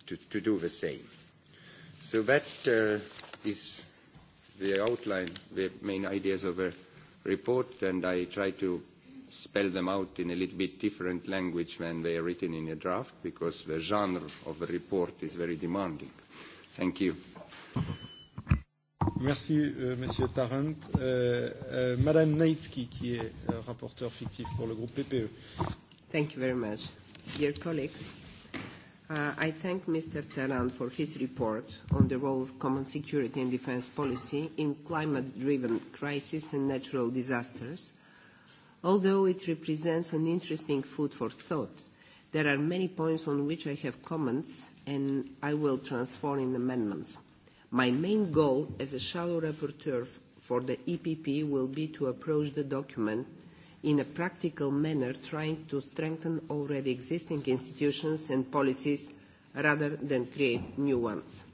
to, to do the same. So that uh, is the outline, the main ideas of a report, and I try to spell them out in a little bit different language when they are written in a draft, because the genre of the report is very demanding. Thank you. Merci, euh, Monsieur Tarrant. Euh, euh, Madame Naitsky, qui est euh, rapporteur fictif pour le groupe PPE. Thank you very much. Dear colleagues, Uh, I thank Mr. Taran for his report on the role of common security and defense policy in climate-driven crises and natural disasters. Although it represents an interesting food for thought, there are many points on which I have comments and I will transform in amendments. My main goal as a shadow rapporteur for the EPP will be to approach the document in a practical manner, trying to strengthen already existing institutions and policies rather than create new ones.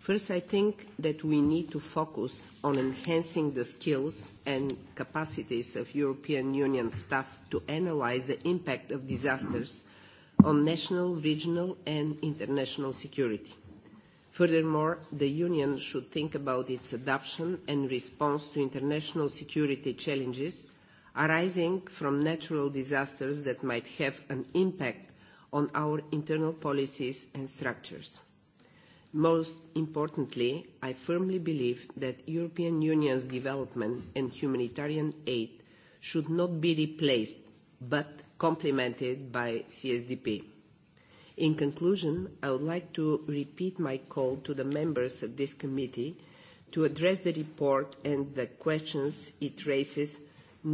First, I think that we need to focus on enhancing the skills and capacities of European Union staff to analyze the impact of disasters on national, regional, and international security. Furthermore, the Union should think about its adaptation and response to international security challenges – arising from natural disasters that might have an impact on our internal policies and structures. Most importantly, I firmly believe that European Union's development and humanitarian aid should not be replaced, but complemented by CSDP. In conclusion, I would like to repeat my call to the members of this committee to address the report and the questions it raises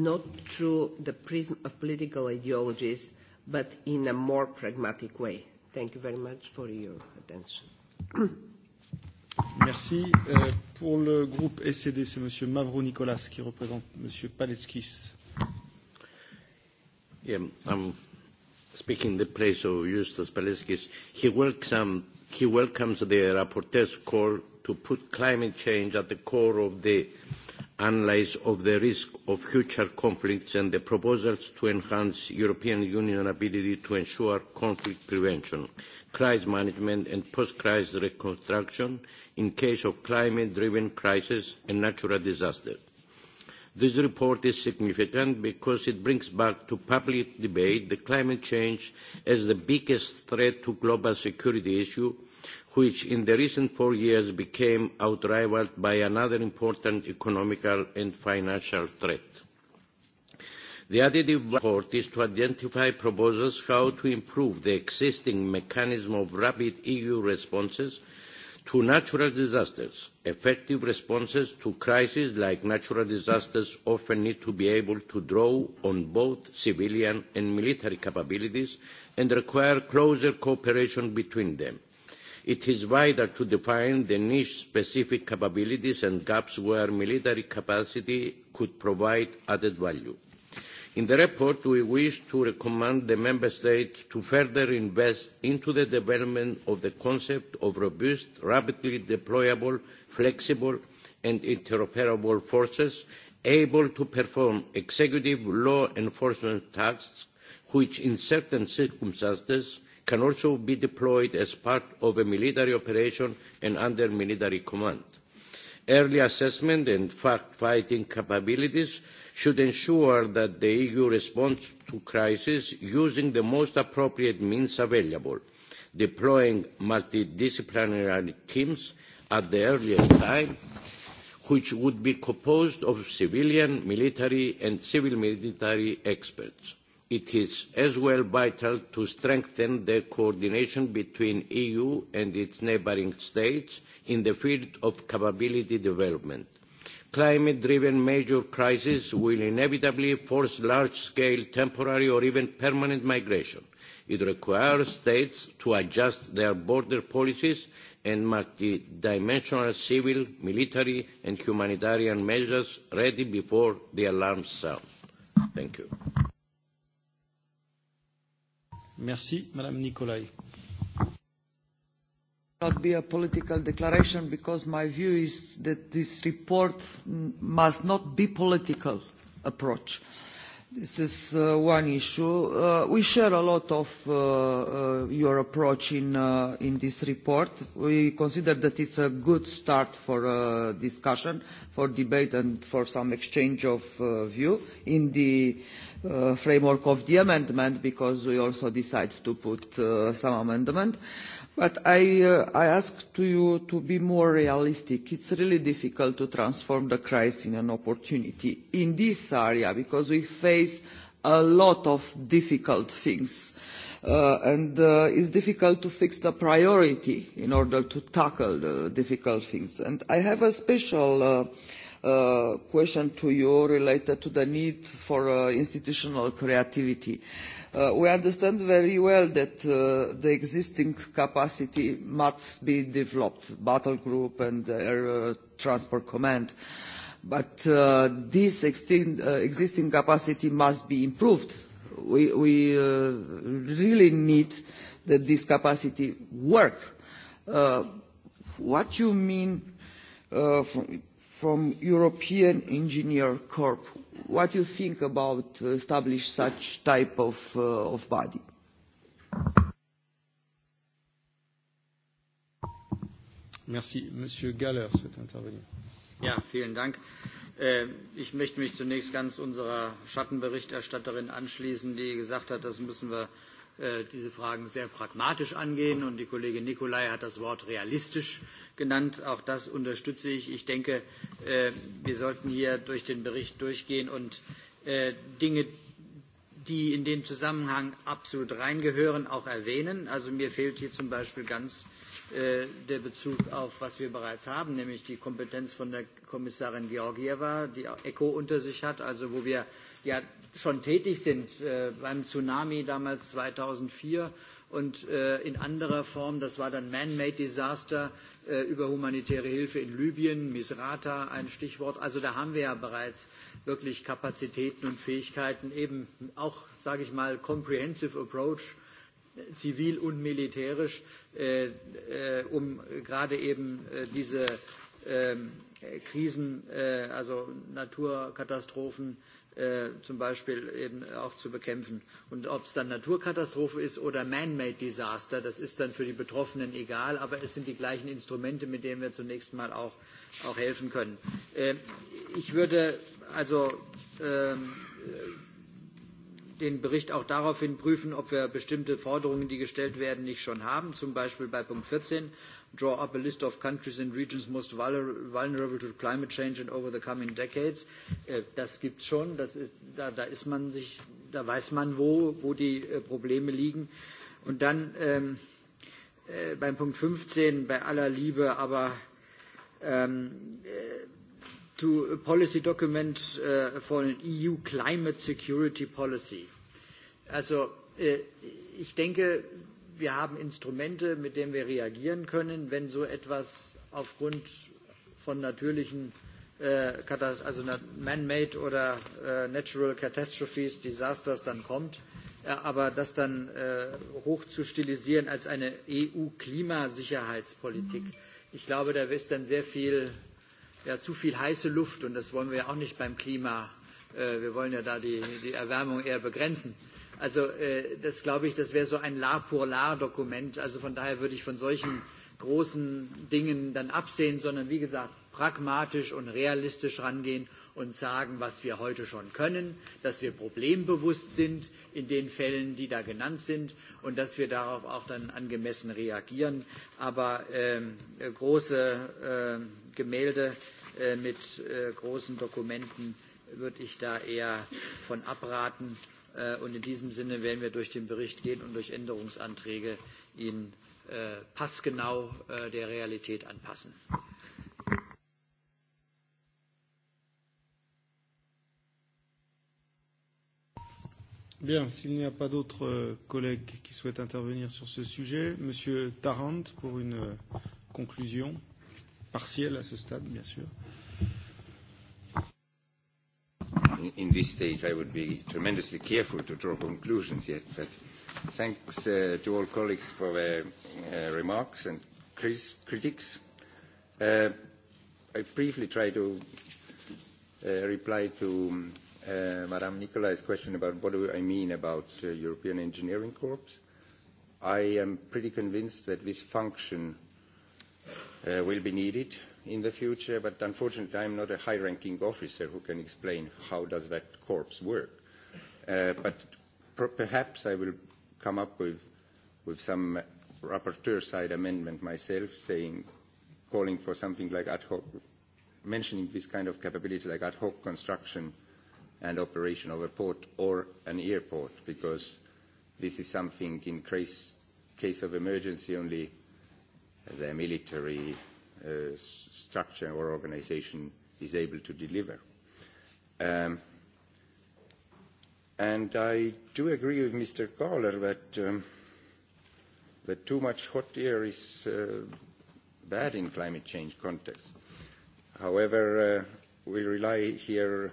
not through the prism of political ideologies, but in a more pragmatic way. Thank you very much for your attention. Merci. Euh, pour le groupe SCD, c'est M. Mavro Nicolas qui représente M. Paletskis. Yeah, I'm speaking in the place of Justus Paletskis. He welcomes, he welcomes the rapporteur's call to put climate change at the core of the analyse of the risk of future conflicts and the proposals to enhance European Union ability to ensure conflict prevention, crisis management and post-crisis reconstruction in case of climate-driven crises and natural disasters. This report is significant because it brings back to public debate the climate change as the biggest threat to global security issue which in the recent four years became outrivaled by another important economical and financial threat. The additive report is to identify proposals how to improve the existing mechanism of rapid EU responses to natural disasters. Effective responses to crises like natural disasters often need to be able to draw on both civilian and military capabilities and require closer cooperation between them. It is vital to define the niche-specific capabilities and gaps where military capacity could provide added value. In the report, we wish to recommend the Member States to further invest into the development of the concept of robust, rapidly deployable, flexible and interoperable forces able to perform executive law enforcement tasks which in certain circumstances can also be deployed as part of a military operation and under military command. Early assessment and fact-fighting capabilities should ensure that the EU responds to crisis using the most appropriate means available, deploying multidisciplinary teams at the earliest time, which would be composed of civilian, military and civil military experts it is as well vital to strengthen the coordination between the EU and its neighbouring states in the field of capability development. Climate-driven major crises will inevitably force large-scale temporary or even permanent migration. It requires states to adjust their border policies and multi-dimensional civil, military and humanitarian measures ready before the alarms sound. Thank you. Merci, Madame Nicolai. Not be a political declaration because my view is that this report must not be political approach. Uh, This is uh, one issue. Uh, we share a lot of uh, uh, your approach in, uh, in this report. We consider that it's a good start for uh, discussion, for debate and for some exchange of uh, view in the uh, framework of the amendment because we also decide to put uh, some amendment. Uh, But I, I ask you to be more realistic. It's really difficult to transform the crisis in an opportunity in this area because we face a lot of difficult things. and it it's difficult to fix the priority in order to tackle the difficult things. And I have a special question to you related to the need for uh, institutional creativity. Uh, we understand very well that uh, the existing capacity must be developed, battle group and air uh, transport command. But uh, this extin- uh, existing capacity must be improved. We, we uh, really need that this capacity work. Uh, what you mean uh, from, from European Engineer Corp. What do you think about establish such type of, uh, of body? Merci. Monsieur Galler souhaite intervenir. Ja, vielen Dank. Ich möchte mich zunächst ganz unserer Schattenberichterstatterin anschließen, die gesagt hat, das müssen wir diese Fragen sehr pragmatisch angehen. Und die Kollegin Nicolai hat das Wort realistisch äh, genannt. Auch das unterstütze ich. Ich denke, wir sollten hier durch den Bericht durchgehen und Dinge, die in den Zusammenhang absolut reingehören, auch erwähnen. Also mir fehlt hier zum Beispiel ganz der Bezug auf, was wir bereits haben, nämlich die Kompetenz von der Kommissarin Georgieva, die ECHO unter sich hat, also wo wir ja schon tätig sind beim Tsunami damals 2004 und in anderer Form, das war dann Man-Made Disaster über humanitäre Hilfe in Libyen, Misrata ein Stichwort. Also da haben wir ja bereits wirklich Kapazitäten und Fähigkeiten, eben auch, sage ich mal, comprehensive approach, zivil und militärisch, um gerade eben diese Krisen, also Naturkatastrophen, zum Beispiel eben auch zu bekämpfen. Und ob es dann Naturkatastrophe ist oder Man-Made Disaster, das ist dann für die Betroffenen egal, aber es sind die gleichen Instrumente, mit denen wir zunächst mal auch, helfen können. ich würde also den Bericht auch daraufhin prüfen, ob wir bestimmte Forderungen, die gestellt werden, nicht schon haben, zum Beispiel bei Punkt vierzehn draw up a list of countries and regions most vulnerable to climate change and over the coming decades. Das gibt es schon, da, ist man sich, da weiß man, wo, wo die Probleme liegen. Und dann beim Punkt 15, bei aller Liebe, aber to a policy document for an EU climate security policy. Also ich denke, wir haben Instrumente, mit denen wir reagieren können, wenn so etwas aufgrund von natürlichen also man-made oder natural catastrophes, Disasters dann kommt. Aber das dann hoch zu stilisieren als eine EU-Klimasicherheitspolitik, ich glaube, da ist dann sehr viel, ja, zu viel heiße Luft und das wollen wir ja auch nicht beim Klima. Wir wollen ja da die, die Erwärmung eher begrenzen Also das glaube ich, das wäre so ein La pour La Dokument. Also von daher würde ich von solchen großen Dingen dann absehen, sondern wie gesagt, pragmatisch und realistisch rangehen und sagen, was wir heute schon können, dass wir problembewusst sind in den Fällen, die da genannt sind und dass wir darauf auch dann angemessen reagieren. Aber große Gemälde mit großen Dokumenten würde ich da eher von abraten. Und in diesem Sinne werden wir durch den Bericht gehen und durch Änderungsanträge ihn passgenau der Realität anpassen. Bien, s'il n'y a pas d'autres collègues qui souhaitent intervenir sur ce sujet, Monsieur Tarrant, pour une conclusion partielle à ce stade, bien sûr. Euh, in this stage, I would be tremendously careful to draw conclusions yet. But thanks uh, to all colleagues for their uh, remarks and cris- critics. Uh, I briefly try to uh, reply to uh, Madame Nicolai's question about what do I mean about uh, European Engineering Corps. I am pretty convinced that this function uh, will be needed in the future, but unfortunately I'm not a high-ranking officer who can explain how does that corps work. Uh, but per perhaps I will come up with, with some rapporteur-side amendment myself saying, calling for something like ad hoc, mentioning this kind of capability like ad hoc construction and operation of a port or an airport, because this is something in case, case of emergency only the military uh, structure or organization is able to deliver. Um, and I do agree with Mr. Kohler that, um, that too much hot air is uh, bad in climate change context. However, uh, we rely here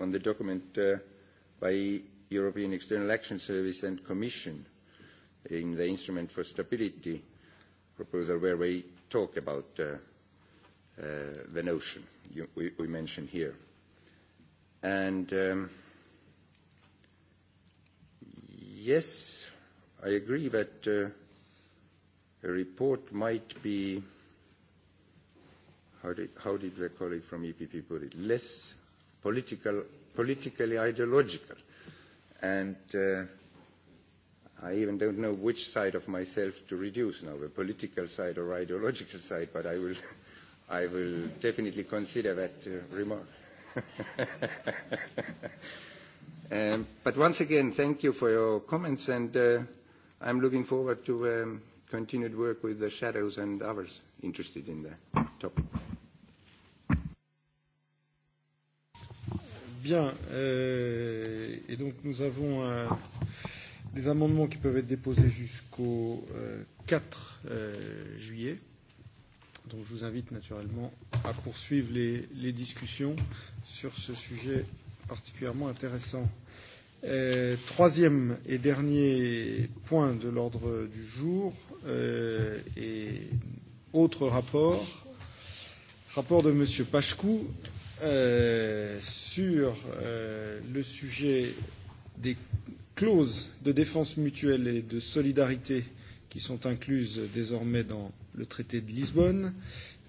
on the document uh, by European External Action Service and Commission in the Instrument for Stability proposal where we talk about uh, uh the notion you, we, we mentioned here. And um, yes, I agree that uh, a report might be, how did, how did the colleague from EPP put it, less political, politically ideological. And uh, I even don't know which side of myself to reduce now, the political side or ideological side, but I will I will definitely consider that uh, remark. um, but once again, thank you for your comments, and uh, I'm looking forward to um, continued work with the shadows and others interested in the topic. Bien, euh, et donc nous avons euh, des amendements qui peuvent être déposés jusqu'au euh, 4 euh, juillet. Donc je vous invite naturellement à poursuivre les, les discussions sur ce sujet particulièrement intéressant. Euh, troisième et dernier point de l'ordre du jour euh, et autre rapport, rapport de M. Pachkou euh, sur euh, le sujet des clauses de défense mutuelle et de solidarité qui sont incluses désormais dans le traité de Lisbonne,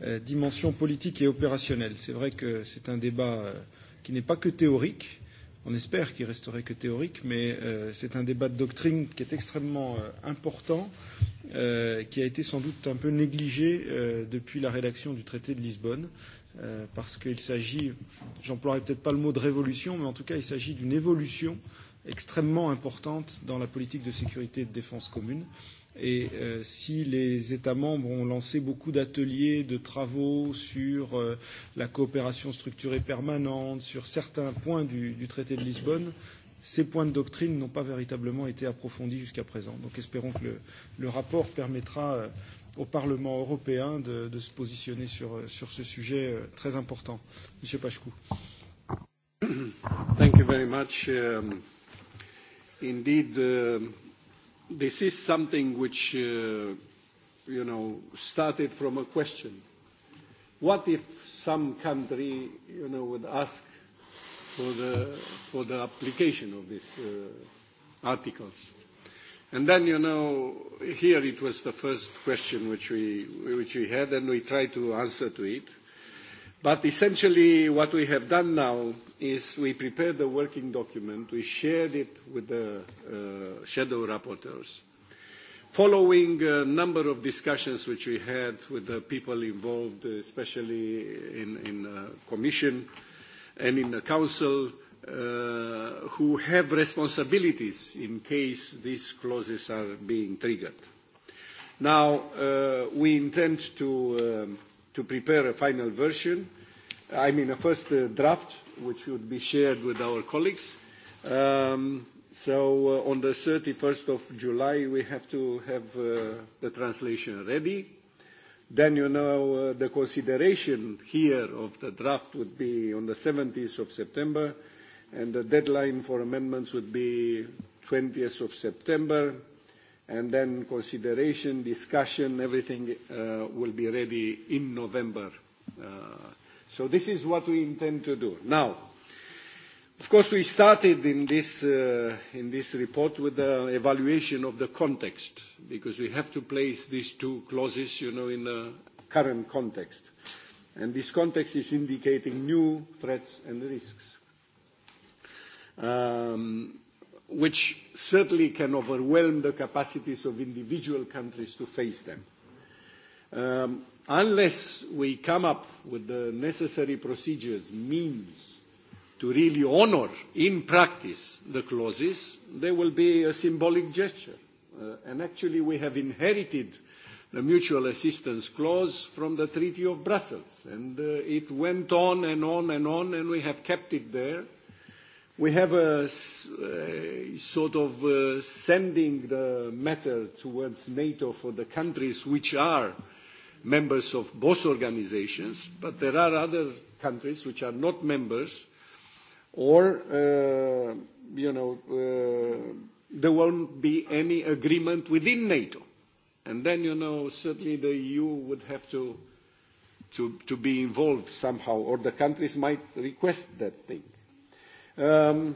euh, dimension politique et opérationnelle. C'est vrai que c'est un débat qui n'est pas que théorique. On espère qu'il resterait que théorique, mais euh, c'est un débat de doctrine qui est extrêmement euh, important, euh, qui a été sans doute un peu négligé euh, depuis la rédaction du traité de Lisbonne, euh, parce qu'il s'agit, j'emploierai peut-être pas le mot de révolution, mais en tout cas il s'agit d'une évolution extrêmement importante dans la politique de sécurité et de défense commune. Euh, Et euh, si les États membres ont lancé beaucoup d'ateliers, de travaux sur euh, la coopération structurée permanente, sur certains points du, du traité de Lisbonne, ces points de doctrine n'ont pas véritablement été approfondis jusqu'à présent. Donc espérons que le, le rapport permettra euh, au Parlement européen de, de se positionner sur, sur ce sujet euh, très important. Monsieur Pachkou. Thank you very much. Um, indeed, uh, this is something which, uh, you know, started from a question. What if some country, you know, would ask for the, for the application of these uh, articles? And then, you know, here it was the first question which we, which we had, and we tried to answer to it. But essentially, what we have done now is we prepared a working document. We shared it with the uh, shadow rapporteurs. Following a number of discussions which we had with the people involved, especially in, in the Commission and in the Council, uh, who have responsibilities in case these clauses are being triggered. Now, uh, we intend to um, to prepare a final version, I mean a first draft, which would be shared with our colleagues. so on the 31st of July, we have to have the translation ready. Then, you know, the consideration here of the draft would be on the 17th of September, and the deadline for amendments would be 20th of September and then consideration, discussion, everything uh, will be ready in November. Uh, so this is what we intend to do. Now, of course, we started in this, uh, in this report with the evaluation of the context, because we have to place these two clauses, you know, in the current context. And this context is indicating new threats and risks. Um, which certainly can overwhelm the capacities of individual countries to face them. Um, unless we come up with the necessary procedures, means to really honor in practice the clauses, there will be a symbolic gesture. Uh, and actually we have inherited the mutual assistance clause from the Treaty of Brussels. And uh, it went on and on and on, and we have kept it there we have a, sort of sending the matter towards NATO for the countries which are members of both organisations, but there are other countries which are not members or, you know, there won't be any agreement within NATO. And then, you know, certainly the EU would have to, to, to be involved somehow, or the countries might request that thing. Um,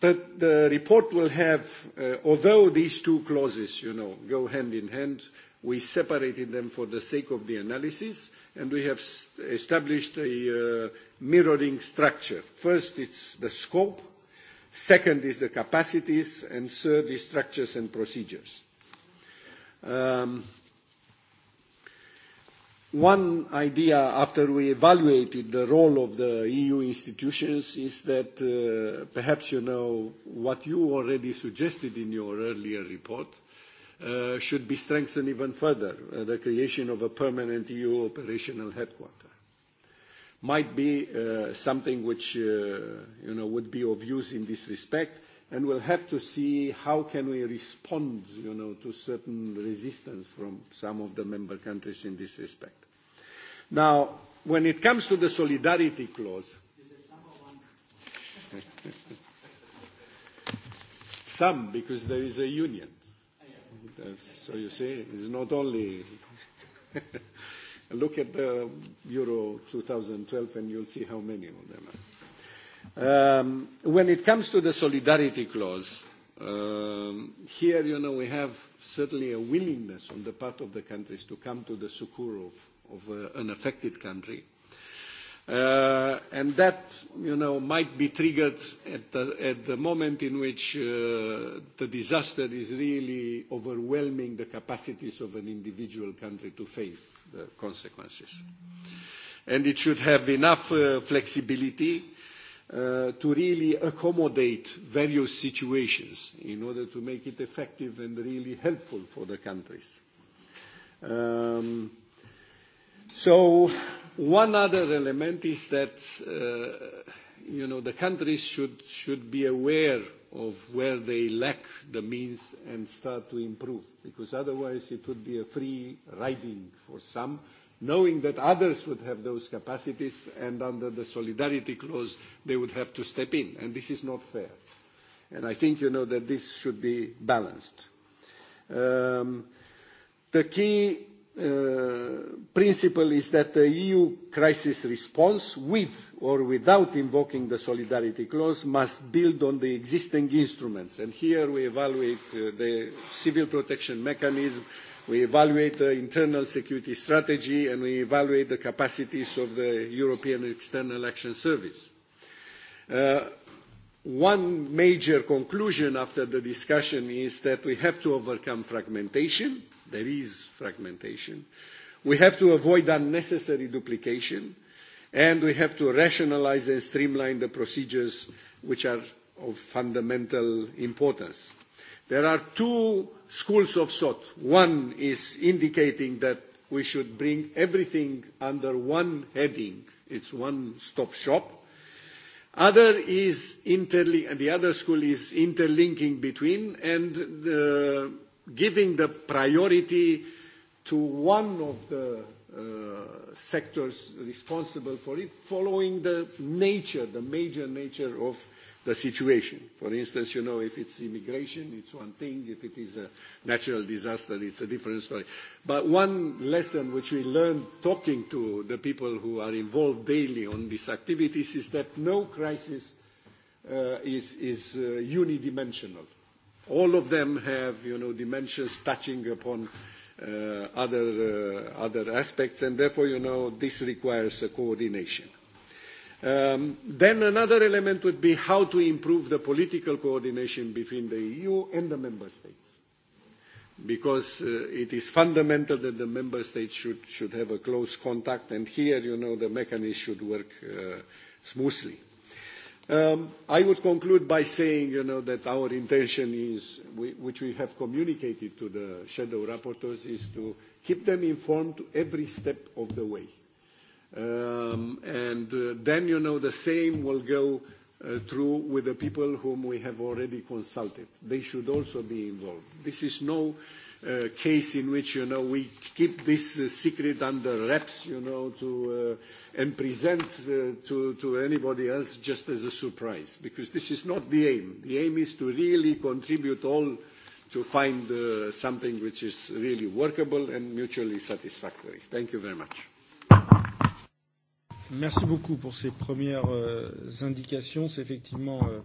the, the report will have, uh, although these two clauses, you know, go hand in hand, we separated them for the sake of the analysis, and we have established a uh, mirroring structure. First, it's the scope. Second is the capacities, and third is structures and procedures. Um, One idea after we evaluated the role of the EU institutions is that uh, perhaps you know what you already suggested in your earlier report uh, should be strengthened even further, uh, the creation of a permanent EU operational headquarter might be uh, something which uh, you know would be of use in this respect and we'll have to see how can we respond, you know, to certain resistance from some of the member countries in this respect. Now, when it comes to the solidarity clause, some because there is a union. So you see, it's not only. Look at the Euro 2012, and you'll see how many of them are. When it comes to the solidarity clause, here, you know, we have certainly a willingness on the part of the countries to come to the succour of an affected country. And that, you know, might be triggered at the at the moment in which the disaster is really overwhelming the capacities of an individual country to face the consequences. And it should have enough flexibility to really accommodate various situations in order to make it effective and really helpful for the countries. so one other element is that you know the countries should should be aware of where they lack the means and start to improve because otherwise it would be a free riding for some knowing that others would have those capacities and under the solidarity clause they would have to step in. And this is not fair. And I think you know that this should be balanced. Um, the key uh, principle is that the EU crisis response, with or without invoking the solidarity clause, must build on the existing instruments. And here we evaluate uh, the civil protection mechanism, we evaluate the internal security strategy, and we evaluate the capacities of the European External Action Service. one major conclusion after the discussion is that we have to overcome fragmentation. There is fragmentation. We have to avoid unnecessary duplication, and we have to rationalise and streamline the procedures which are of fundamental importance. There are two schools of thought. One is indicating that we should bring everything under one heading. It's one-stop shop. Other is the other school is interlinking between and uh, giving the priority to one of the uh, sectors responsible for it, following the nature, the major nature of the situation. For instance, you know, if it's immigration, it's one thing. If it is a natural disaster, it's a different story. But one lesson which we learned talking to the people who are involved daily on these activities is that no crisis uh, is, is uh, unidimensional. All of them have, you know, dimensions touching upon uh, other, uh, other aspects, and therefore, you know, this requires a coordination then another element would be how to improve the political coordination between the EU and the member states. Because it is fundamental that the member states should, should have a close contact, and here, you know, the mechanism should work smoothly. I would conclude by saying, you know, that our intention is, which we have communicated to the shadow rapporteurs, is to keep them informed every step of the way And then, you know, the same will go through with the people whom we have already consulted. They should also be involved. This is no case in which, you know, we keep this secret under wraps, you know, to and present to anybody else just as a surprise, because this is not the aim. The aim is to really contribute all to find something which is really workable and mutually satisfactory. Thank you very much. Merci beaucoup pour ces premières euh, indications. C'est effectivement euh,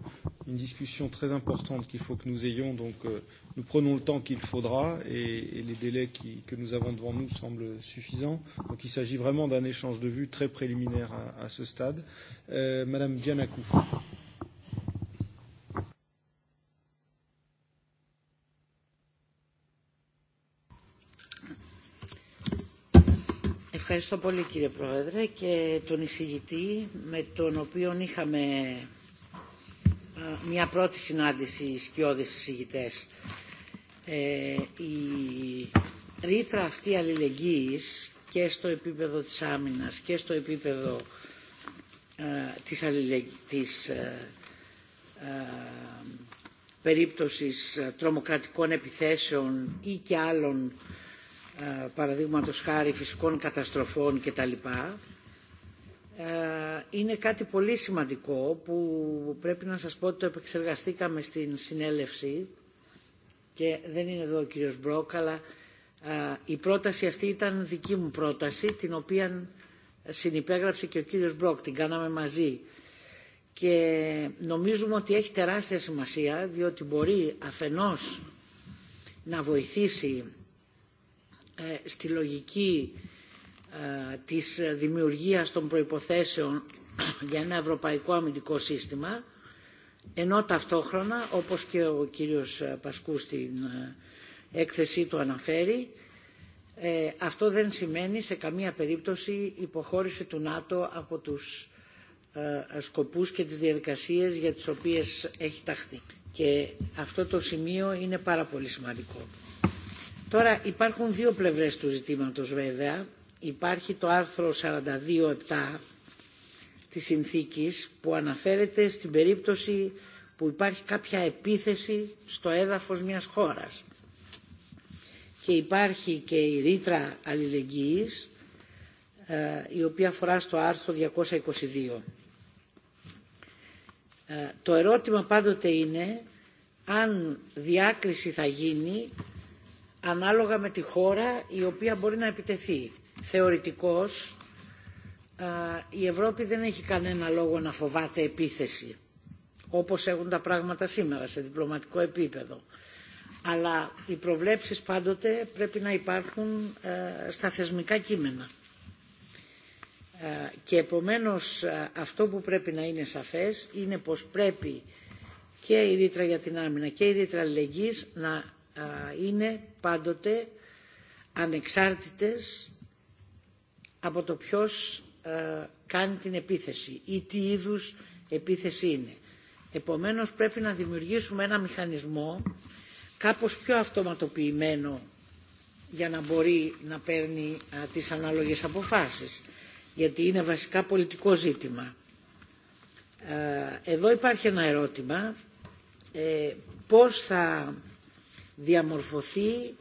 une discussion très importante qu'il faut que nous ayons. Donc, euh, nous prenons le temps qu'il faudra et, et les délais qui, que nous avons devant nous semblent suffisants. Donc, il s'agit vraiment d'un échange de vues très préliminaire à, à ce stade. Euh, Madame Dianakou, Euh, Ευχαριστώ πολύ κύριε Πρόεδρε και τον εισηγητή με τον οποίο είχαμε μια πρώτη συνάντηση σκιώδης εισηγητές. Ε, η ρήτρα αυτή αλληλεγγύης και στο επίπεδο της άμυνας και στο επίπεδο ε, της, αλληλεγ... της ε, ε, περίπτωσης τρομοκρατικών επιθέσεων ή και άλλων παραδείγματος χάρη φυσικών καταστροφών κτλ. Είναι κάτι πολύ σημαντικό που πρέπει να σας πω ότι το επεξεργαστήκαμε στην συνέλευση και δεν είναι εδώ ο κύριος Μπρόκ, αλλά η πρόταση αυτή ήταν δική μου πρόταση, την οποία συνυπέγραψε και ο κύριος Μπρόκ, την κάναμε μαζί. Και νομίζουμε ότι έχει τεράστια σημασία, διότι μπορεί αφενός να βοηθήσει στη λογική της δημιουργίας των προϋποθέσεων για ένα ευρωπαϊκό αμυντικό σύστημα, ενώ ταυτόχρονα, όπως και ο κύριος Πασκού στην έκθεσή του αναφέρει, αυτό δεν σημαίνει σε καμία περίπτωση υποχώρηση του ΝΑΤΟ από τους σκοπούς και τις διαδικασίες για τις οποίες έχει ταχθεί. Και αυτό το σημείο είναι πάρα πολύ σημαντικό. Τώρα υπάρχουν δύο πλευρές του ζητήματος βέβαια. Υπάρχει το άρθρο 42.7 της συνθήκης που αναφέρεται στην περίπτωση που υπάρχει κάποια επίθεση στο έδαφος μιας χώρας. Και υπάρχει και η ρήτρα αλληλεγγύης η οποία αφορά στο άρθρο 222. Το ερώτημα πάντοτε είναι αν διάκριση θα γίνει ανάλογα με τη χώρα η οποία μπορεί να επιτεθεί. Θεωρητικώς η Ευρώπη δεν έχει κανένα λόγο να φοβάται επίθεση όπως έχουν τα πράγματα σήμερα σε διπλωματικό επίπεδο. Αλλά οι προβλέψεις πάντοτε πρέπει να υπάρχουν στα θεσμικά κείμενα. και επομένως αυτό που πρέπει να είναι σαφές είναι πως πρέπει και η ρήτρα για την άμυνα και η ρήτρα αλληλεγγύης να είναι πάντοτε ανεξάρτητες από το ποιος κάνει την επίθεση ή τι είδους επίθεση είναι. Επομένως πρέπει να δημιουργήσουμε ένα μηχανισμό κάπως πιο αυτοματοποιημένο για να μπορεί να παίρνει τις ανάλογες αποφάσεις γιατί είναι βασικά πολιτικό ζήτημα. Εδώ υπάρχει ένα ερώτημα ε, πώς θα διαμορφωθεί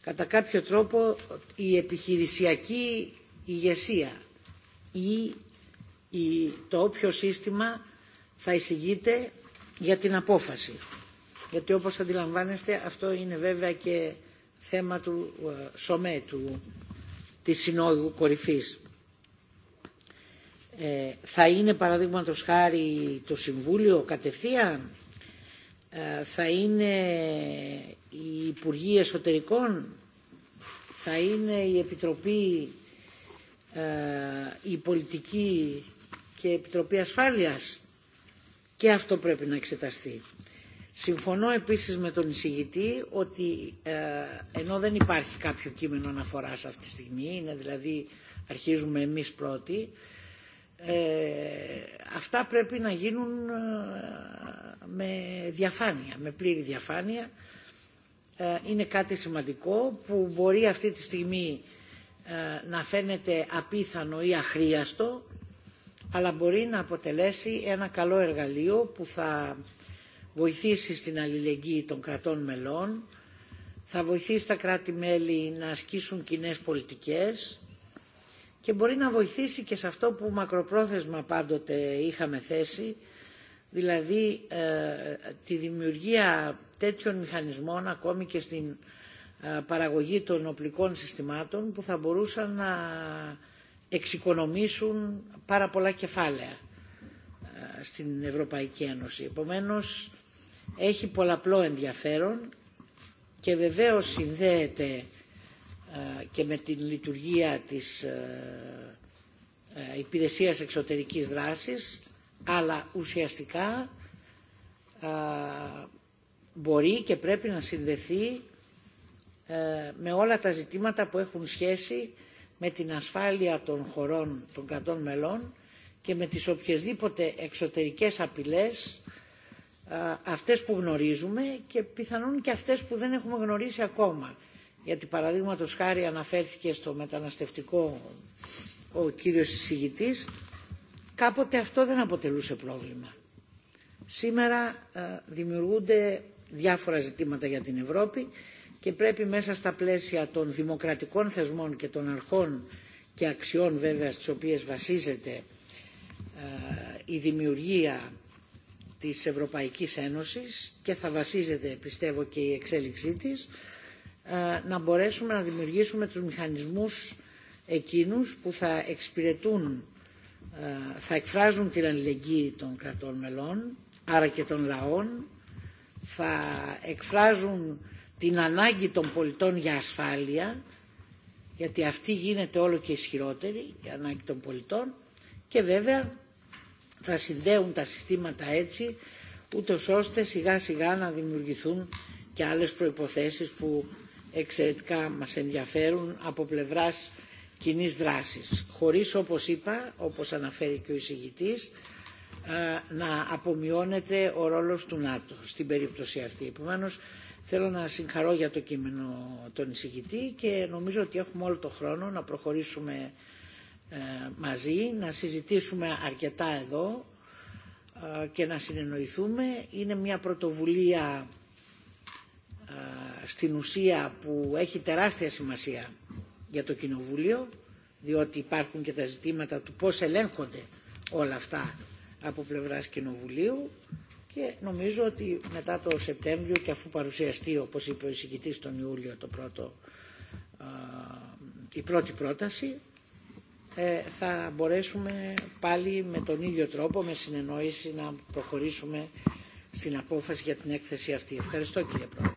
κατά κάποιο τρόπο η επιχειρησιακή ηγεσία ή το όποιο σύστημα θα εισηγείται για την απόφαση. Γιατί όπως αντιλαμβάνεστε αυτό είναι βέβαια και θέμα του ΣΟΜΕ, του, της Συνόδου Κορυφής. Ε, θα είναι παραδείγματος χάρη το Συμβούλιο κατευθείαν θα είναι η Υπουργοί Εσωτερικών, θα είναι η Επιτροπή, η Πολιτική και η Επιτροπή Ασφάλειας. Και αυτό πρέπει να εξεταστεί. Συμφωνώ επίσης με τον εισηγητή ότι ενώ δεν υπάρχει κάποιο κείμενο αναφοράς αυτή τη στιγμή, είναι δηλαδή αρχίζουμε εμείς πρώτοι, αυτά πρέπει να γίνουν με διαφάνεια, με πλήρη διαφάνεια. Είναι κάτι σημαντικό που μπορεί αυτή τη στιγμή να φαίνεται απίθανο ή αχρίαστο, αλλά μπορεί να αποτελέσει ένα καλό εργαλείο που θα βοηθήσει στην αλληλεγγύη των κρατών μελών, θα βοηθήσει τα κράτη-μέλη να ασκήσουν κοινέ πολιτικές, και μπορεί να βοηθήσει και σε αυτό που μακροπρόθεσμα πάντοτε είχαμε θέσει, δηλαδή ε, τη δημιουργία τέτοιων μηχανισμών ακόμη και στην ε, παραγωγή των οπλικών συστημάτων που θα μπορούσαν να εξοικονομήσουν πάρα πολλά κεφάλαια ε, στην Ευρωπαϊκή Ένωση. Επομένως, έχει πολλαπλό ενδιαφέρον και βεβαίως συνδέεται και με την λειτουργία της υπηρεσίας εξωτερικής δράσης, αλλά ουσιαστικά μπορεί και πρέπει να συνδεθεί με όλα τα ζητήματα που έχουν σχέση με την ασφάλεια των χωρών των κρατών μελών και με τις οποιασδήποτε εξωτερικές απειλές αυτές που γνωρίζουμε και πιθανόν και αυτές που δεν έχουμε γνωρίσει ακόμα γιατί παραδείγματο χάρη αναφέρθηκε στο μεταναστευτικό ο κύριος εισηγητής, κάποτε αυτό δεν αποτελούσε πρόβλημα. Σήμερα δημιουργούνται διάφορα ζητήματα για την Ευρώπη και πρέπει μέσα στα πλαίσια των δημοκρατικών θεσμών και των αρχών και αξιών βέβαια στις οποίες βασίζεται η δημιουργία της Ευρωπαϊκής Ένωσης και θα βασίζεται πιστεύω και η εξέλιξή της να μπορέσουμε να δημιουργήσουμε τους μηχανισμούς εκείνους που θα εξυπηρετούν, θα εκφράζουν την αλληλεγγύη των κρατών μελών, άρα και των λαών, θα εκφράζουν την ανάγκη των πολιτών για ασφάλεια, γιατί αυτή γίνεται όλο και ισχυρότερη, η ανάγκη των πολιτών, και βέβαια θα συνδέουν τα συστήματα έτσι, ούτως ώστε σιγά σιγά να δημιουργηθούν και άλλες προϋποθέσεις που εξαιρετικά μας ενδιαφέρουν από πλευράς κοινή δράσης. Χωρίς, όπως είπα, όπως αναφέρει και ο εισηγητής, να απομειώνεται ο ρόλος του ΝΑΤΟ στην περίπτωση αυτή. Επομένως, θέλω να συγχαρώ για το κείμενο τον εισηγητή και νομίζω ότι έχουμε όλο τον χρόνο να προχωρήσουμε μαζί, να συζητήσουμε αρκετά εδώ και να συνεννοηθούμε. Είναι μια πρωτοβουλία στην ουσία που έχει τεράστια σημασία για το Κοινοβούλιο, διότι υπάρχουν και τα ζητήματα του πώς ελέγχονται όλα αυτά από πλευράς Κοινοβουλίου και νομίζω ότι μετά το Σεπτέμβριο και αφού παρουσιαστεί, όπως είπε ο εισηγητής τον Ιούλιο, το πρώτο, η πρώτη πρόταση, θα μπορέσουμε πάλι με τον ίδιο τρόπο, με συνεννόηση, να προχωρήσουμε στην απόφαση για την έκθεση αυτή. Ευχαριστώ κύριε Πρόεδρε.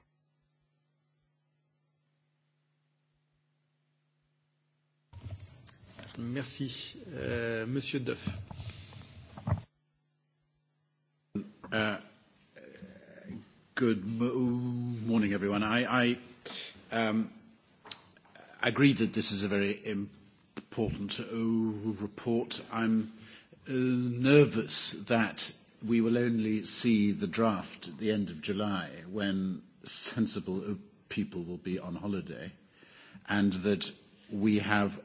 Merci. Euh, Monsieur Duff. Uh, good mo- morning, everyone. I, I um, agree that this is a very important uh, report. I'm uh, nervous that we will only see the draft at the end of July when sensible people will be on holiday and that we have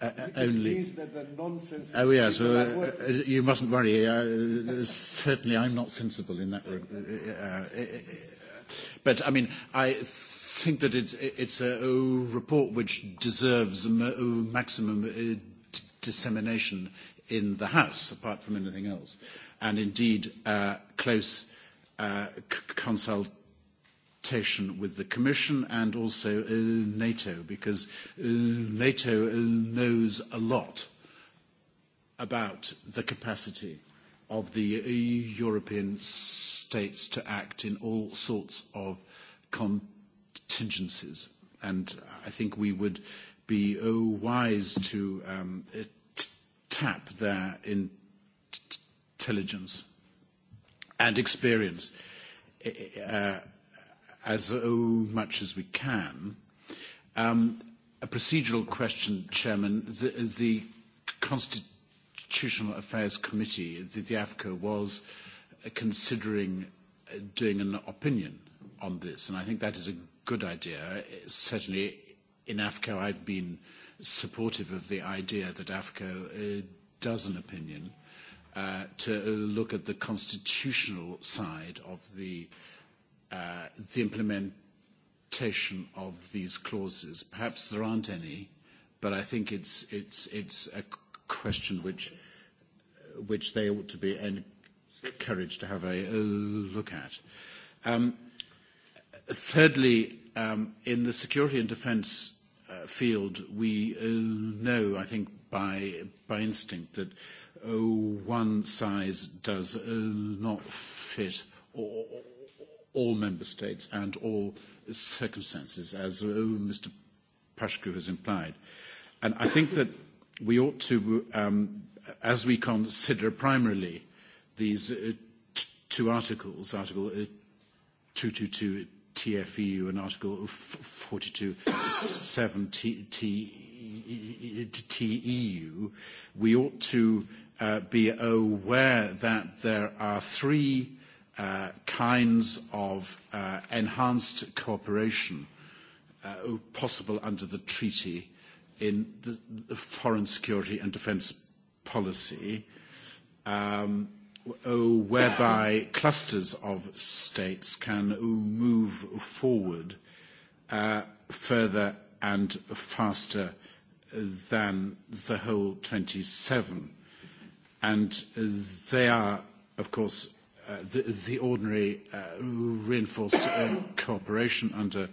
uh, only. It that the nonsense. Oh yes, uh, you mustn't worry. Uh, certainly, I'm not sensible in that regard. But I mean, I think that it's it's a report which deserves maximum dissemination in the House, apart from anything else, and indeed uh, close uh, consultation consultation with the Commission and also NATO, because NATO knows a lot about the capacity of the European states to act in all sorts of contingencies. And I think we would be wise to tap their intelligence and experience as much as we can. A procedural question, Chairman. The Constitutional Affairs Committee, the AFCO, was considering doing an opinion on this, and I think that is a good idea. Certainly in AFCO, I've been supportive of the idea that AFCO does an opinion to look at the constitutional side of the uh, the implementation of these clauses. Perhaps there aren't any, but I think it's, it's, it's a question which, which they ought to be encouraged to have a look at. Um, thirdly, um, in the security and defence uh, field, we uh, know, I think, by, by instinct that one size does uh, not fit all all member states and all circumstances, as uh, Mr. Pashku has implied. And I think that we ought to, um, as we consider primarily these uh, two articles, Article uh, 222 TFEU and Article 42.7 TEU, we ought to uh, be aware that there are three kinds of enhanced cooperation possible under the treaty in the foreign security and defence policy, whereby clusters of states can move forward further and faster than the whole twenty seven, And they are, of course, the, the ordinary reinforced cooperation under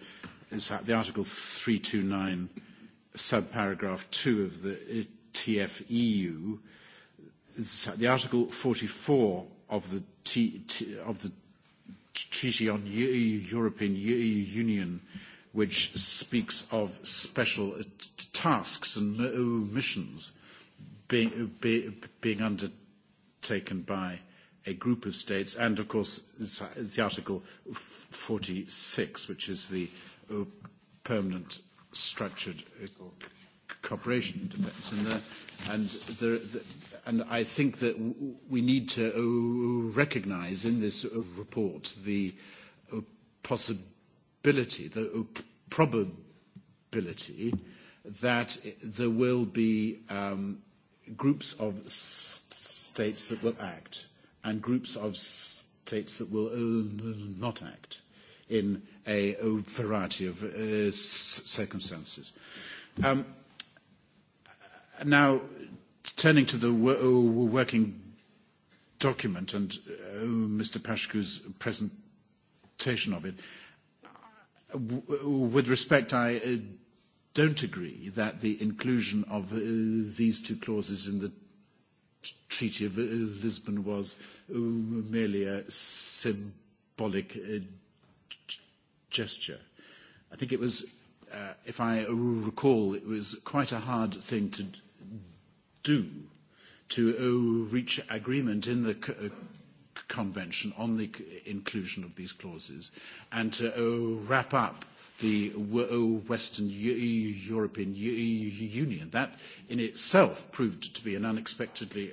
the Article three hundred and nine, subparagraph two of the TFEU. The Article forty four of the, Treaty on European Union, which speaks of special tasks and missions being undertaken by a group of states, and of course the Article forty six, which is the permanent structured cooperation depends there. And, there, and I think that we need to recognise in this report the possibility, the probability that there will be groups of states that will act and groups of states that will not act in a variety of circumstances. Now, turning to the working document and Mr. Pashku's presentation of it, with respect, I don't agree that the inclusion of these two clauses in the Treaty of Lisbon was merely a symbolic gesture. I think it was, uh, if I recall, it was quite a hard thing to do to reach agreement in the Convention on the inclusion of these clauses and to wrap up the Western European Union. That in itself proved to be an unexpectedly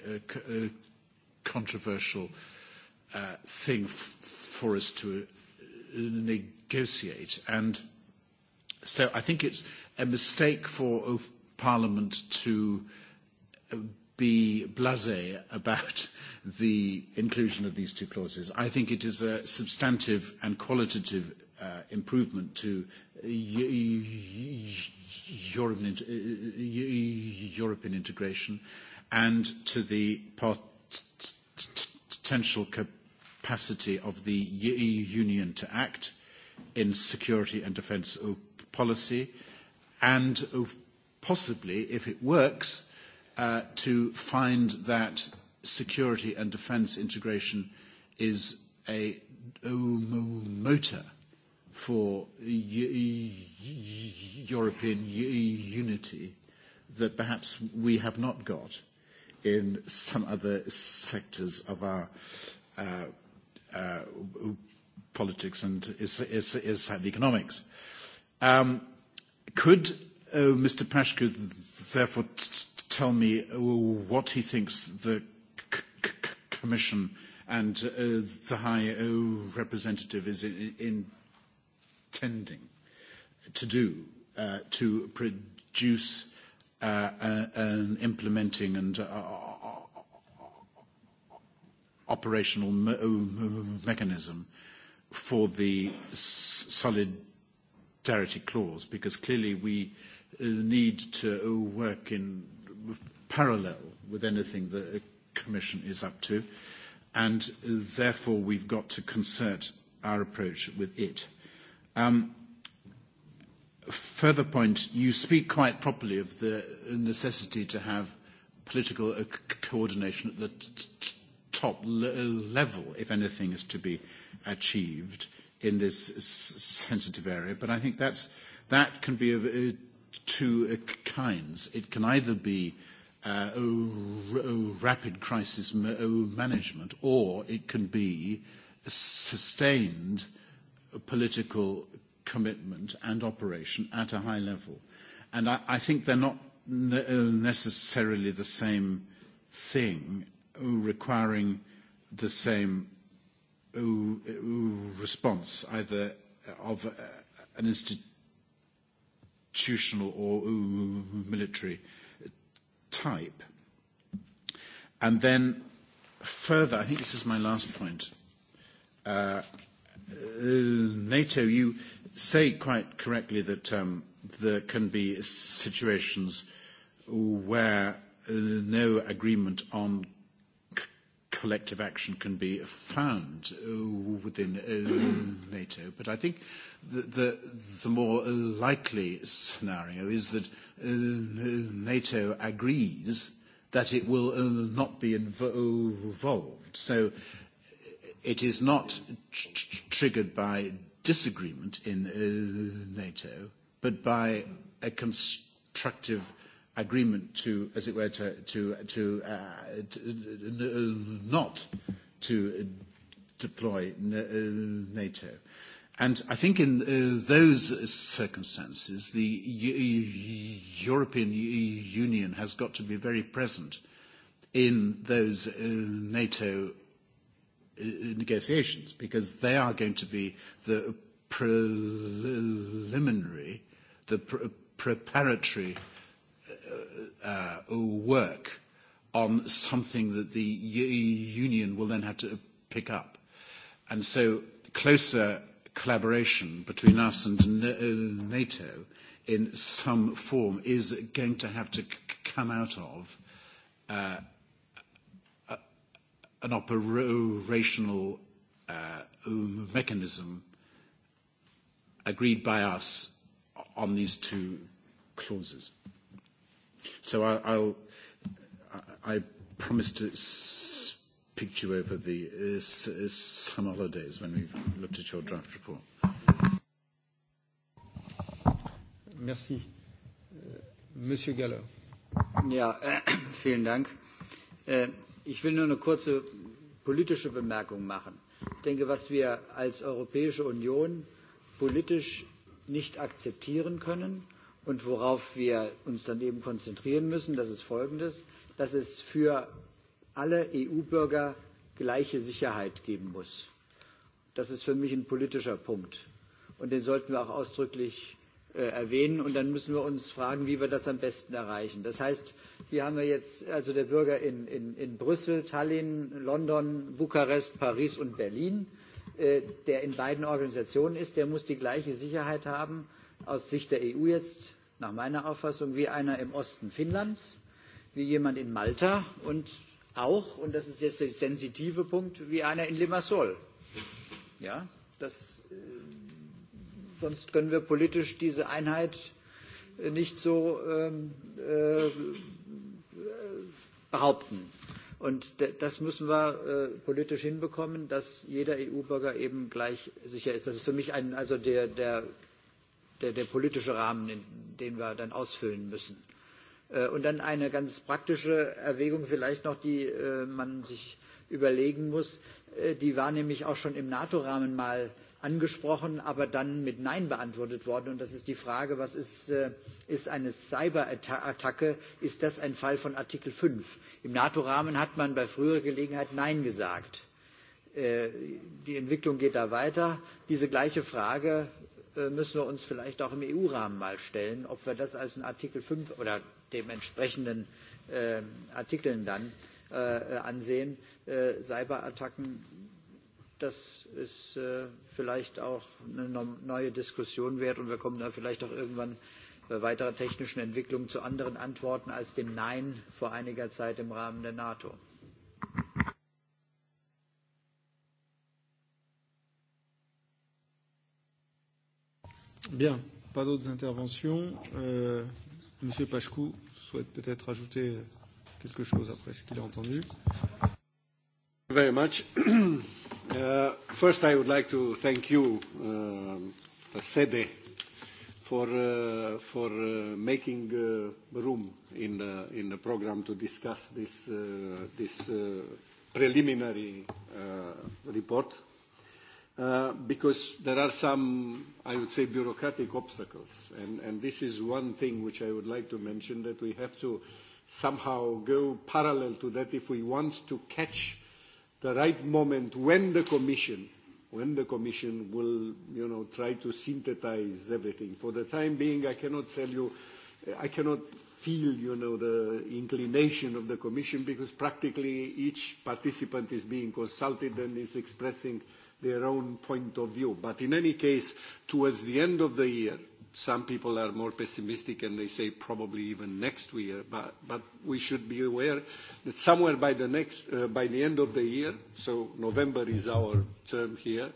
controversial thing for us to negotiate. And so I think it's a mistake for Parliament to be blasé about the inclusion of these two clauses. I think it is a substantive and qualitative improvement to European integration and to the potential capacity of the Union to act in security and defence policy and possibly, if it works, to find that security and defence integration is a motor for European unity that perhaps we have not got in some other sectors of our politics and economics. Could Mr. Pashku therefore tell me what he thinks the Commission and the High Representative is intending to do to produce an implementing and operational mechanism for the solidarity clause, because clearly we need to work in parallel with anything the Commission is up to, and therefore we've got to concert our approach with it. Um, further point, you speak quite properly of the necessity to have political coordination at the top level, if anything is to be achieved in this s sensitive area. But I think that's, that can be a two kinds. It can either be uh, rapid crisis management or it can be sustained political commitment and operation at a high level. And I, I think they're not necessarily the same thing, requiring the same response, either of an institution institutional or military type. And then further, I think this is my last point. Uh, NATO, you say quite correctly that um, there can be situations where no agreement on collective action can be found within NATO. But I think the, the, the more likely scenario is that NATO agrees that it will not be involved. So it is not triggered by disagreement in NATO, but by a constructive agreement to, as it were, to, to, to, uh, to not to deploy uh NATO. And I think in uh those circumstances, the European Union has got to be very present in those uh NATO negotiations because they are going to be the preliminary, the pr preparatory uh, work on something that the union will then have to pick up. And so closer collaboration between us and NATO in some form is going to have to come out of uh, an operational uh, mechanism agreed by us on these two clauses. So I, I'll, I promise to speak to you over the uh, summer holidays when we've looked at your draft report. Merci. Monsieur Galler. Ja, äh, vielen Dank. Äh, ich will nur eine kurze politische Bemerkung machen. Ich denke, was wir als Europäische Union politisch nicht akzeptieren können, und worauf wir uns dann eben konzentrieren müssen, das ist Folgendes, dass es für alle EU-Bürger gleiche Sicherheit geben muss. Das ist für mich ein politischer Punkt. Und den sollten wir auch ausdrücklich erwähnen. Und dann müssen wir uns fragen, wie wir das am besten erreichen. Das heißt, hier haben wir jetzt also der Bürger in, in, in Brüssel, Tallinn, London, Bukarest, Paris und Berlin, der in beiden Organisationen ist, der muss die gleiche Sicherheit haben, aus Sicht der EU jetzt, nach meiner Auffassung wie einer im Osten Finnlands, wie jemand in Malta und auch, und das ist jetzt der sensitive Punkt, wie einer in Limassol. Ja, das, sonst können wir politisch diese Einheit nicht so behaupten. Und das müssen wir politisch hinbekommen, dass jeder EU-Bürger eben gleich sicher ist. Das ist für mich ein, also der, der der, der politische Rahmen, den wir dann ausfüllen müssen. Und dann eine ganz praktische Erwägung vielleicht noch, die man sich überlegen muss. Die war nämlich auch schon im NATO-Rahmen mal angesprochen, aber dann mit Nein beantwortet worden. Und das ist die Frage, was ist, ist eine Cyberattacke? Ist das ein Fall von Artikel fünf? Im NATO-Rahmen hat man bei früherer Gelegenheit Nein gesagt. Die Entwicklung geht da weiter. Diese gleiche Frage müssen wir uns vielleicht auch im EU-Rahmen mal stellen, ob wir das als einen Artikel fünf oder dem entsprechenden Artikeln dann ansehen. Cyberattacken, das ist vielleicht auch eine neue Diskussion wert und wir kommen da vielleicht auch irgendwann bei weiterer technischen Entwicklung zu anderen Antworten als dem Nein vor einiger Zeit im Rahmen der NATO. Bien, pas d'autres interventions. Euh, Monsieur Pachkou souhaite peut-être ajouter quelque chose après ce qu'il a entendu. Very much. uh, first, I would like to thank you, uh, Sede, for uh, for uh, making uh, room in the in the program to discuss this uh, this uh, preliminary uh, report because there are some, I would say, bureaucratic obstacles. And, and this is one thing which I would like to mention that we have to somehow go parallel to that if we want to catch the right moment when the Commission when the Commission will, you know, try to synthesize everything. For the time being, I cannot tell you, I cannot feel, you know, the inclination of the Commission because practically each participant is being consulted and is expressing their own point of view. But in any case, towards the end of the year, some people are more pessimistic and they say probably even next year. But, but we should be aware that somewhere by the, next, uh, by the end of the year, so November is our term here,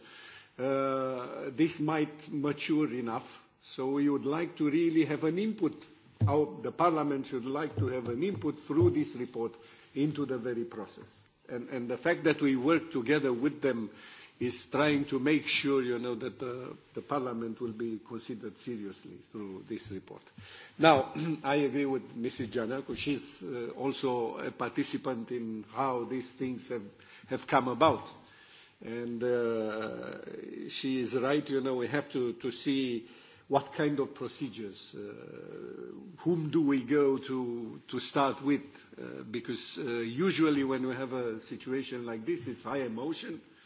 uh, this might mature enough. So we would like to really have an input. Our, the Parliament should like to have an input through this report into the very process. And, and the fact that we work together with them uh, is trying to make sure, you know, that the, the Parliament will be considered seriously through this report. Now, I agree with Mrs. Janako. She's uh, also a participant in how these things have, have come about. And uh, she is right, you know, we have to, to see what kind of procedures, uh, whom do we go to, to start with, uh, because uh, usually when we have a situation like this, it's high emotion, uh,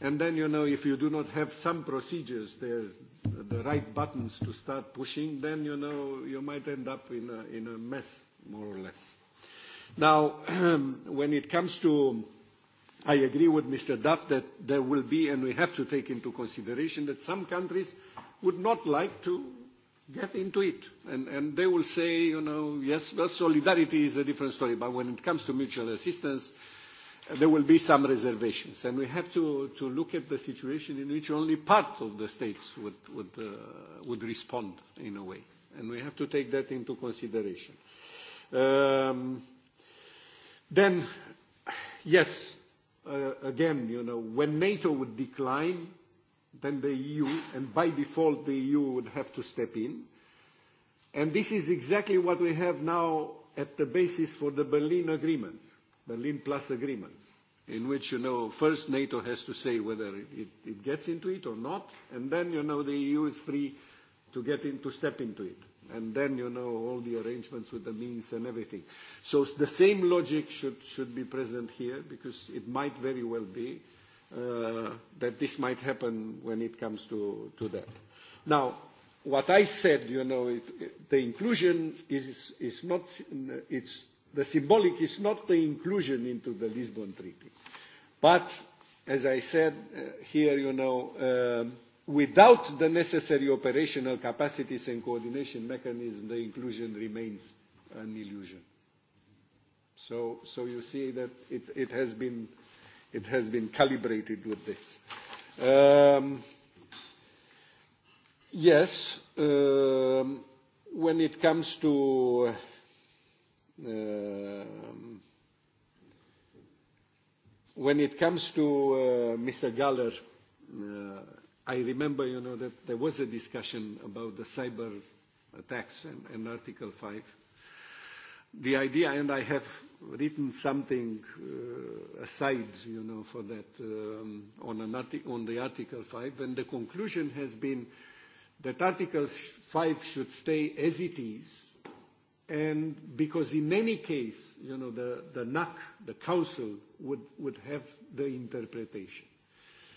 And then, you know, if you do not have some procedures there, the right buttons to start pushing, then, you know, you might end up in a, in a mess, more or less. Now, when it comes to, I agree with Mr. Duff that there will be, and we have to take into consideration that some countries would not like to get into it. And, and they will say, you know, yes, well, solidarity is a different story. But when it comes to mutual assistance, there will be some reservations. And we have to, to look at the situation in which only part of the states would, would, uh, would respond in a way. And we have to take that into consideration. Um, then, yes, uh, again, you know, when NATO would decline, then the EU, and by default the EU would have to step in. And this is exactly what we have now at the basis for the Berlin Agreement Berlin Plus agreements, in which, you know, first NATO has to say whether it, it gets into it or not, and then, you know, the EU is free to get in, to step into it. And then, you know, all the arrangements with the means and everything. So the same logic should, should be present here, because it might very well be uh, that this might happen when it comes to, to that. Now, what I said, you know, it, the inclusion is, is not, it's The symbolic is not the inclusion into the Lisbon Treaty. But, as I said uh, here, you know, uh, without the necessary operational capacities and coordination mechanism, the inclusion remains an illusion. So, so you see that it, it, has been, it has been calibrated with this. Um, yes, um, when it comes to when it comes to uh, Mr. Galler, uh, I remember, you know, that there was a discussion about the cyber attacks and, and Article 5. The idea, and I have written something uh, aside, you know, for that um, on, an artic- on the Article 5, and the conclusion has been that Article 5 should stay as it is, and because in any case, you know, the, the NAC, the council, would, would have the interpretation.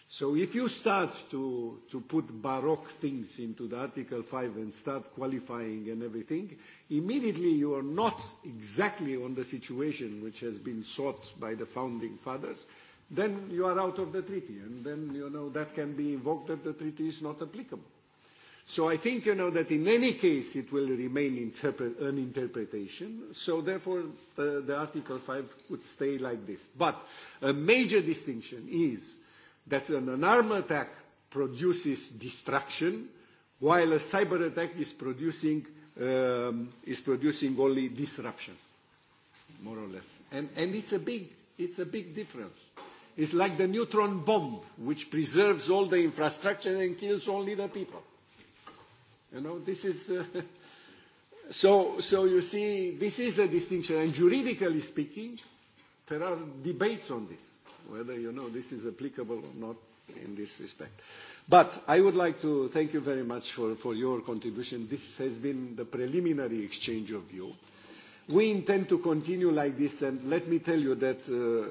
So if you start to, to put baroque things into the Article 5 and start qualifying and everything, immediately you are not exactly on the situation which has been sought by the founding fathers, then you are out of the treaty, and then, you know, that can be invoked that the treaty is not applicable. So I think, you know, that in any case it will remain interpret, an interpretation, so therefore the, the Article 5 would stay like this. But a major distinction is that an, an arm attack produces destruction, while a cyber attack is producing, um, is producing only disruption, more or less. And, and it's, a big, it's a big difference. It's like the neutron bomb, which preserves all the infrastructure and kills only the people You know, this is. Uh, so, so you see, this is a distinction, and juridically speaking, there are debates on this, whether you know this is applicable or not in this respect. But I would like to thank you very much for, for your contribution. This has been the preliminary exchange of view. We intend to continue like this, and let me tell you that uh,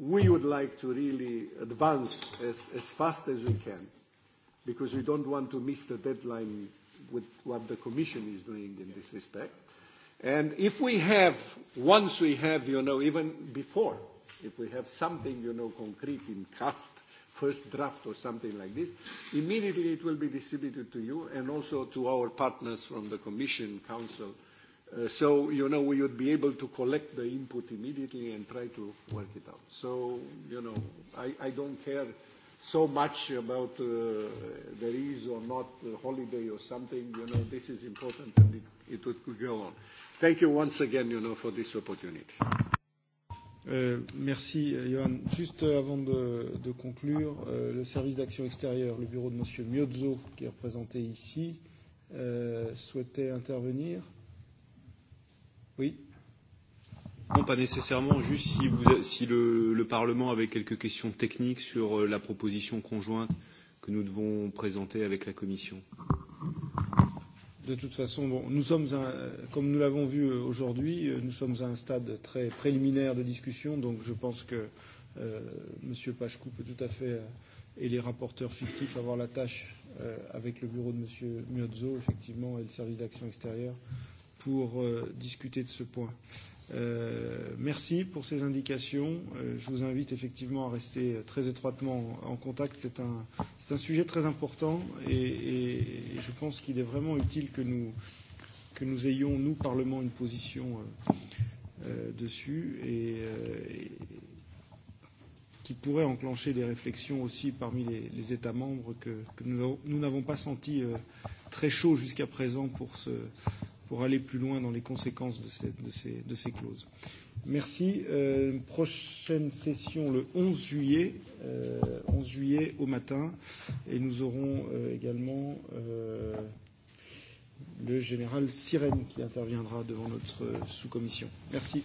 we would like to really advance as, as fast as we can, because we don't want to miss the deadline with what the Commission is doing in this respect. And if we have, once we have, you know, even before, if we have something, you know, concrete in cast, first draft or something like this, immediately it will be distributed to you and also to our partners from the Commission, Council. Uh, so, you know, we would be able to collect the input immediately and try to work it out. So, you know, I, I don't care so much about uh, there is or not a holiday or something. You know, this is important and it, it would go on. Thank you once again, you know, for this opportunity. Euh, merci, Johan. Juste avant de, de conclure, euh, le service d'action extérieure, le bureau de Monsieur Miozzo, qui est représenté ici, euh, souhaitait intervenir. Oui. Non, pas nécessairement. Juste si, vous, si le, le Parlement avait quelques questions techniques sur la proposition conjointe que nous devons présenter avec la Commission. De toute façon, bon, nous sommes un, comme nous l'avons vu aujourd'hui, nous sommes à un stade très préliminaire de discussion, donc je pense que euh, M. Pachkou peut tout à fait, et les rapporteurs fictifs, avoir la tâche euh, avec le bureau de M. Miozzo, effectivement, et le service d'action extérieure, pour euh, discuter de ce point merci pour ces indications. je vous invite effectivement à rester très étroitement en contact. C'est un, c'est un sujet très important et, et, et je pense qu'il est vraiment utile que nous, que nous ayons, nous, Parlement, une position euh, dessus et, euh, et qui pourrait enclencher des réflexions aussi parmi les, les États membres que, que nous n'avons pas senti euh, très chaud jusqu'à présent pour ce pour aller plus loin dans les conséquences de ces, de ces, de ces clauses. Merci. Euh, prochaine session le 11 juillet, euh, 11 juillet au matin, et nous aurons euh, également euh, le général Sirène qui interviendra devant notre sous-commission. Merci.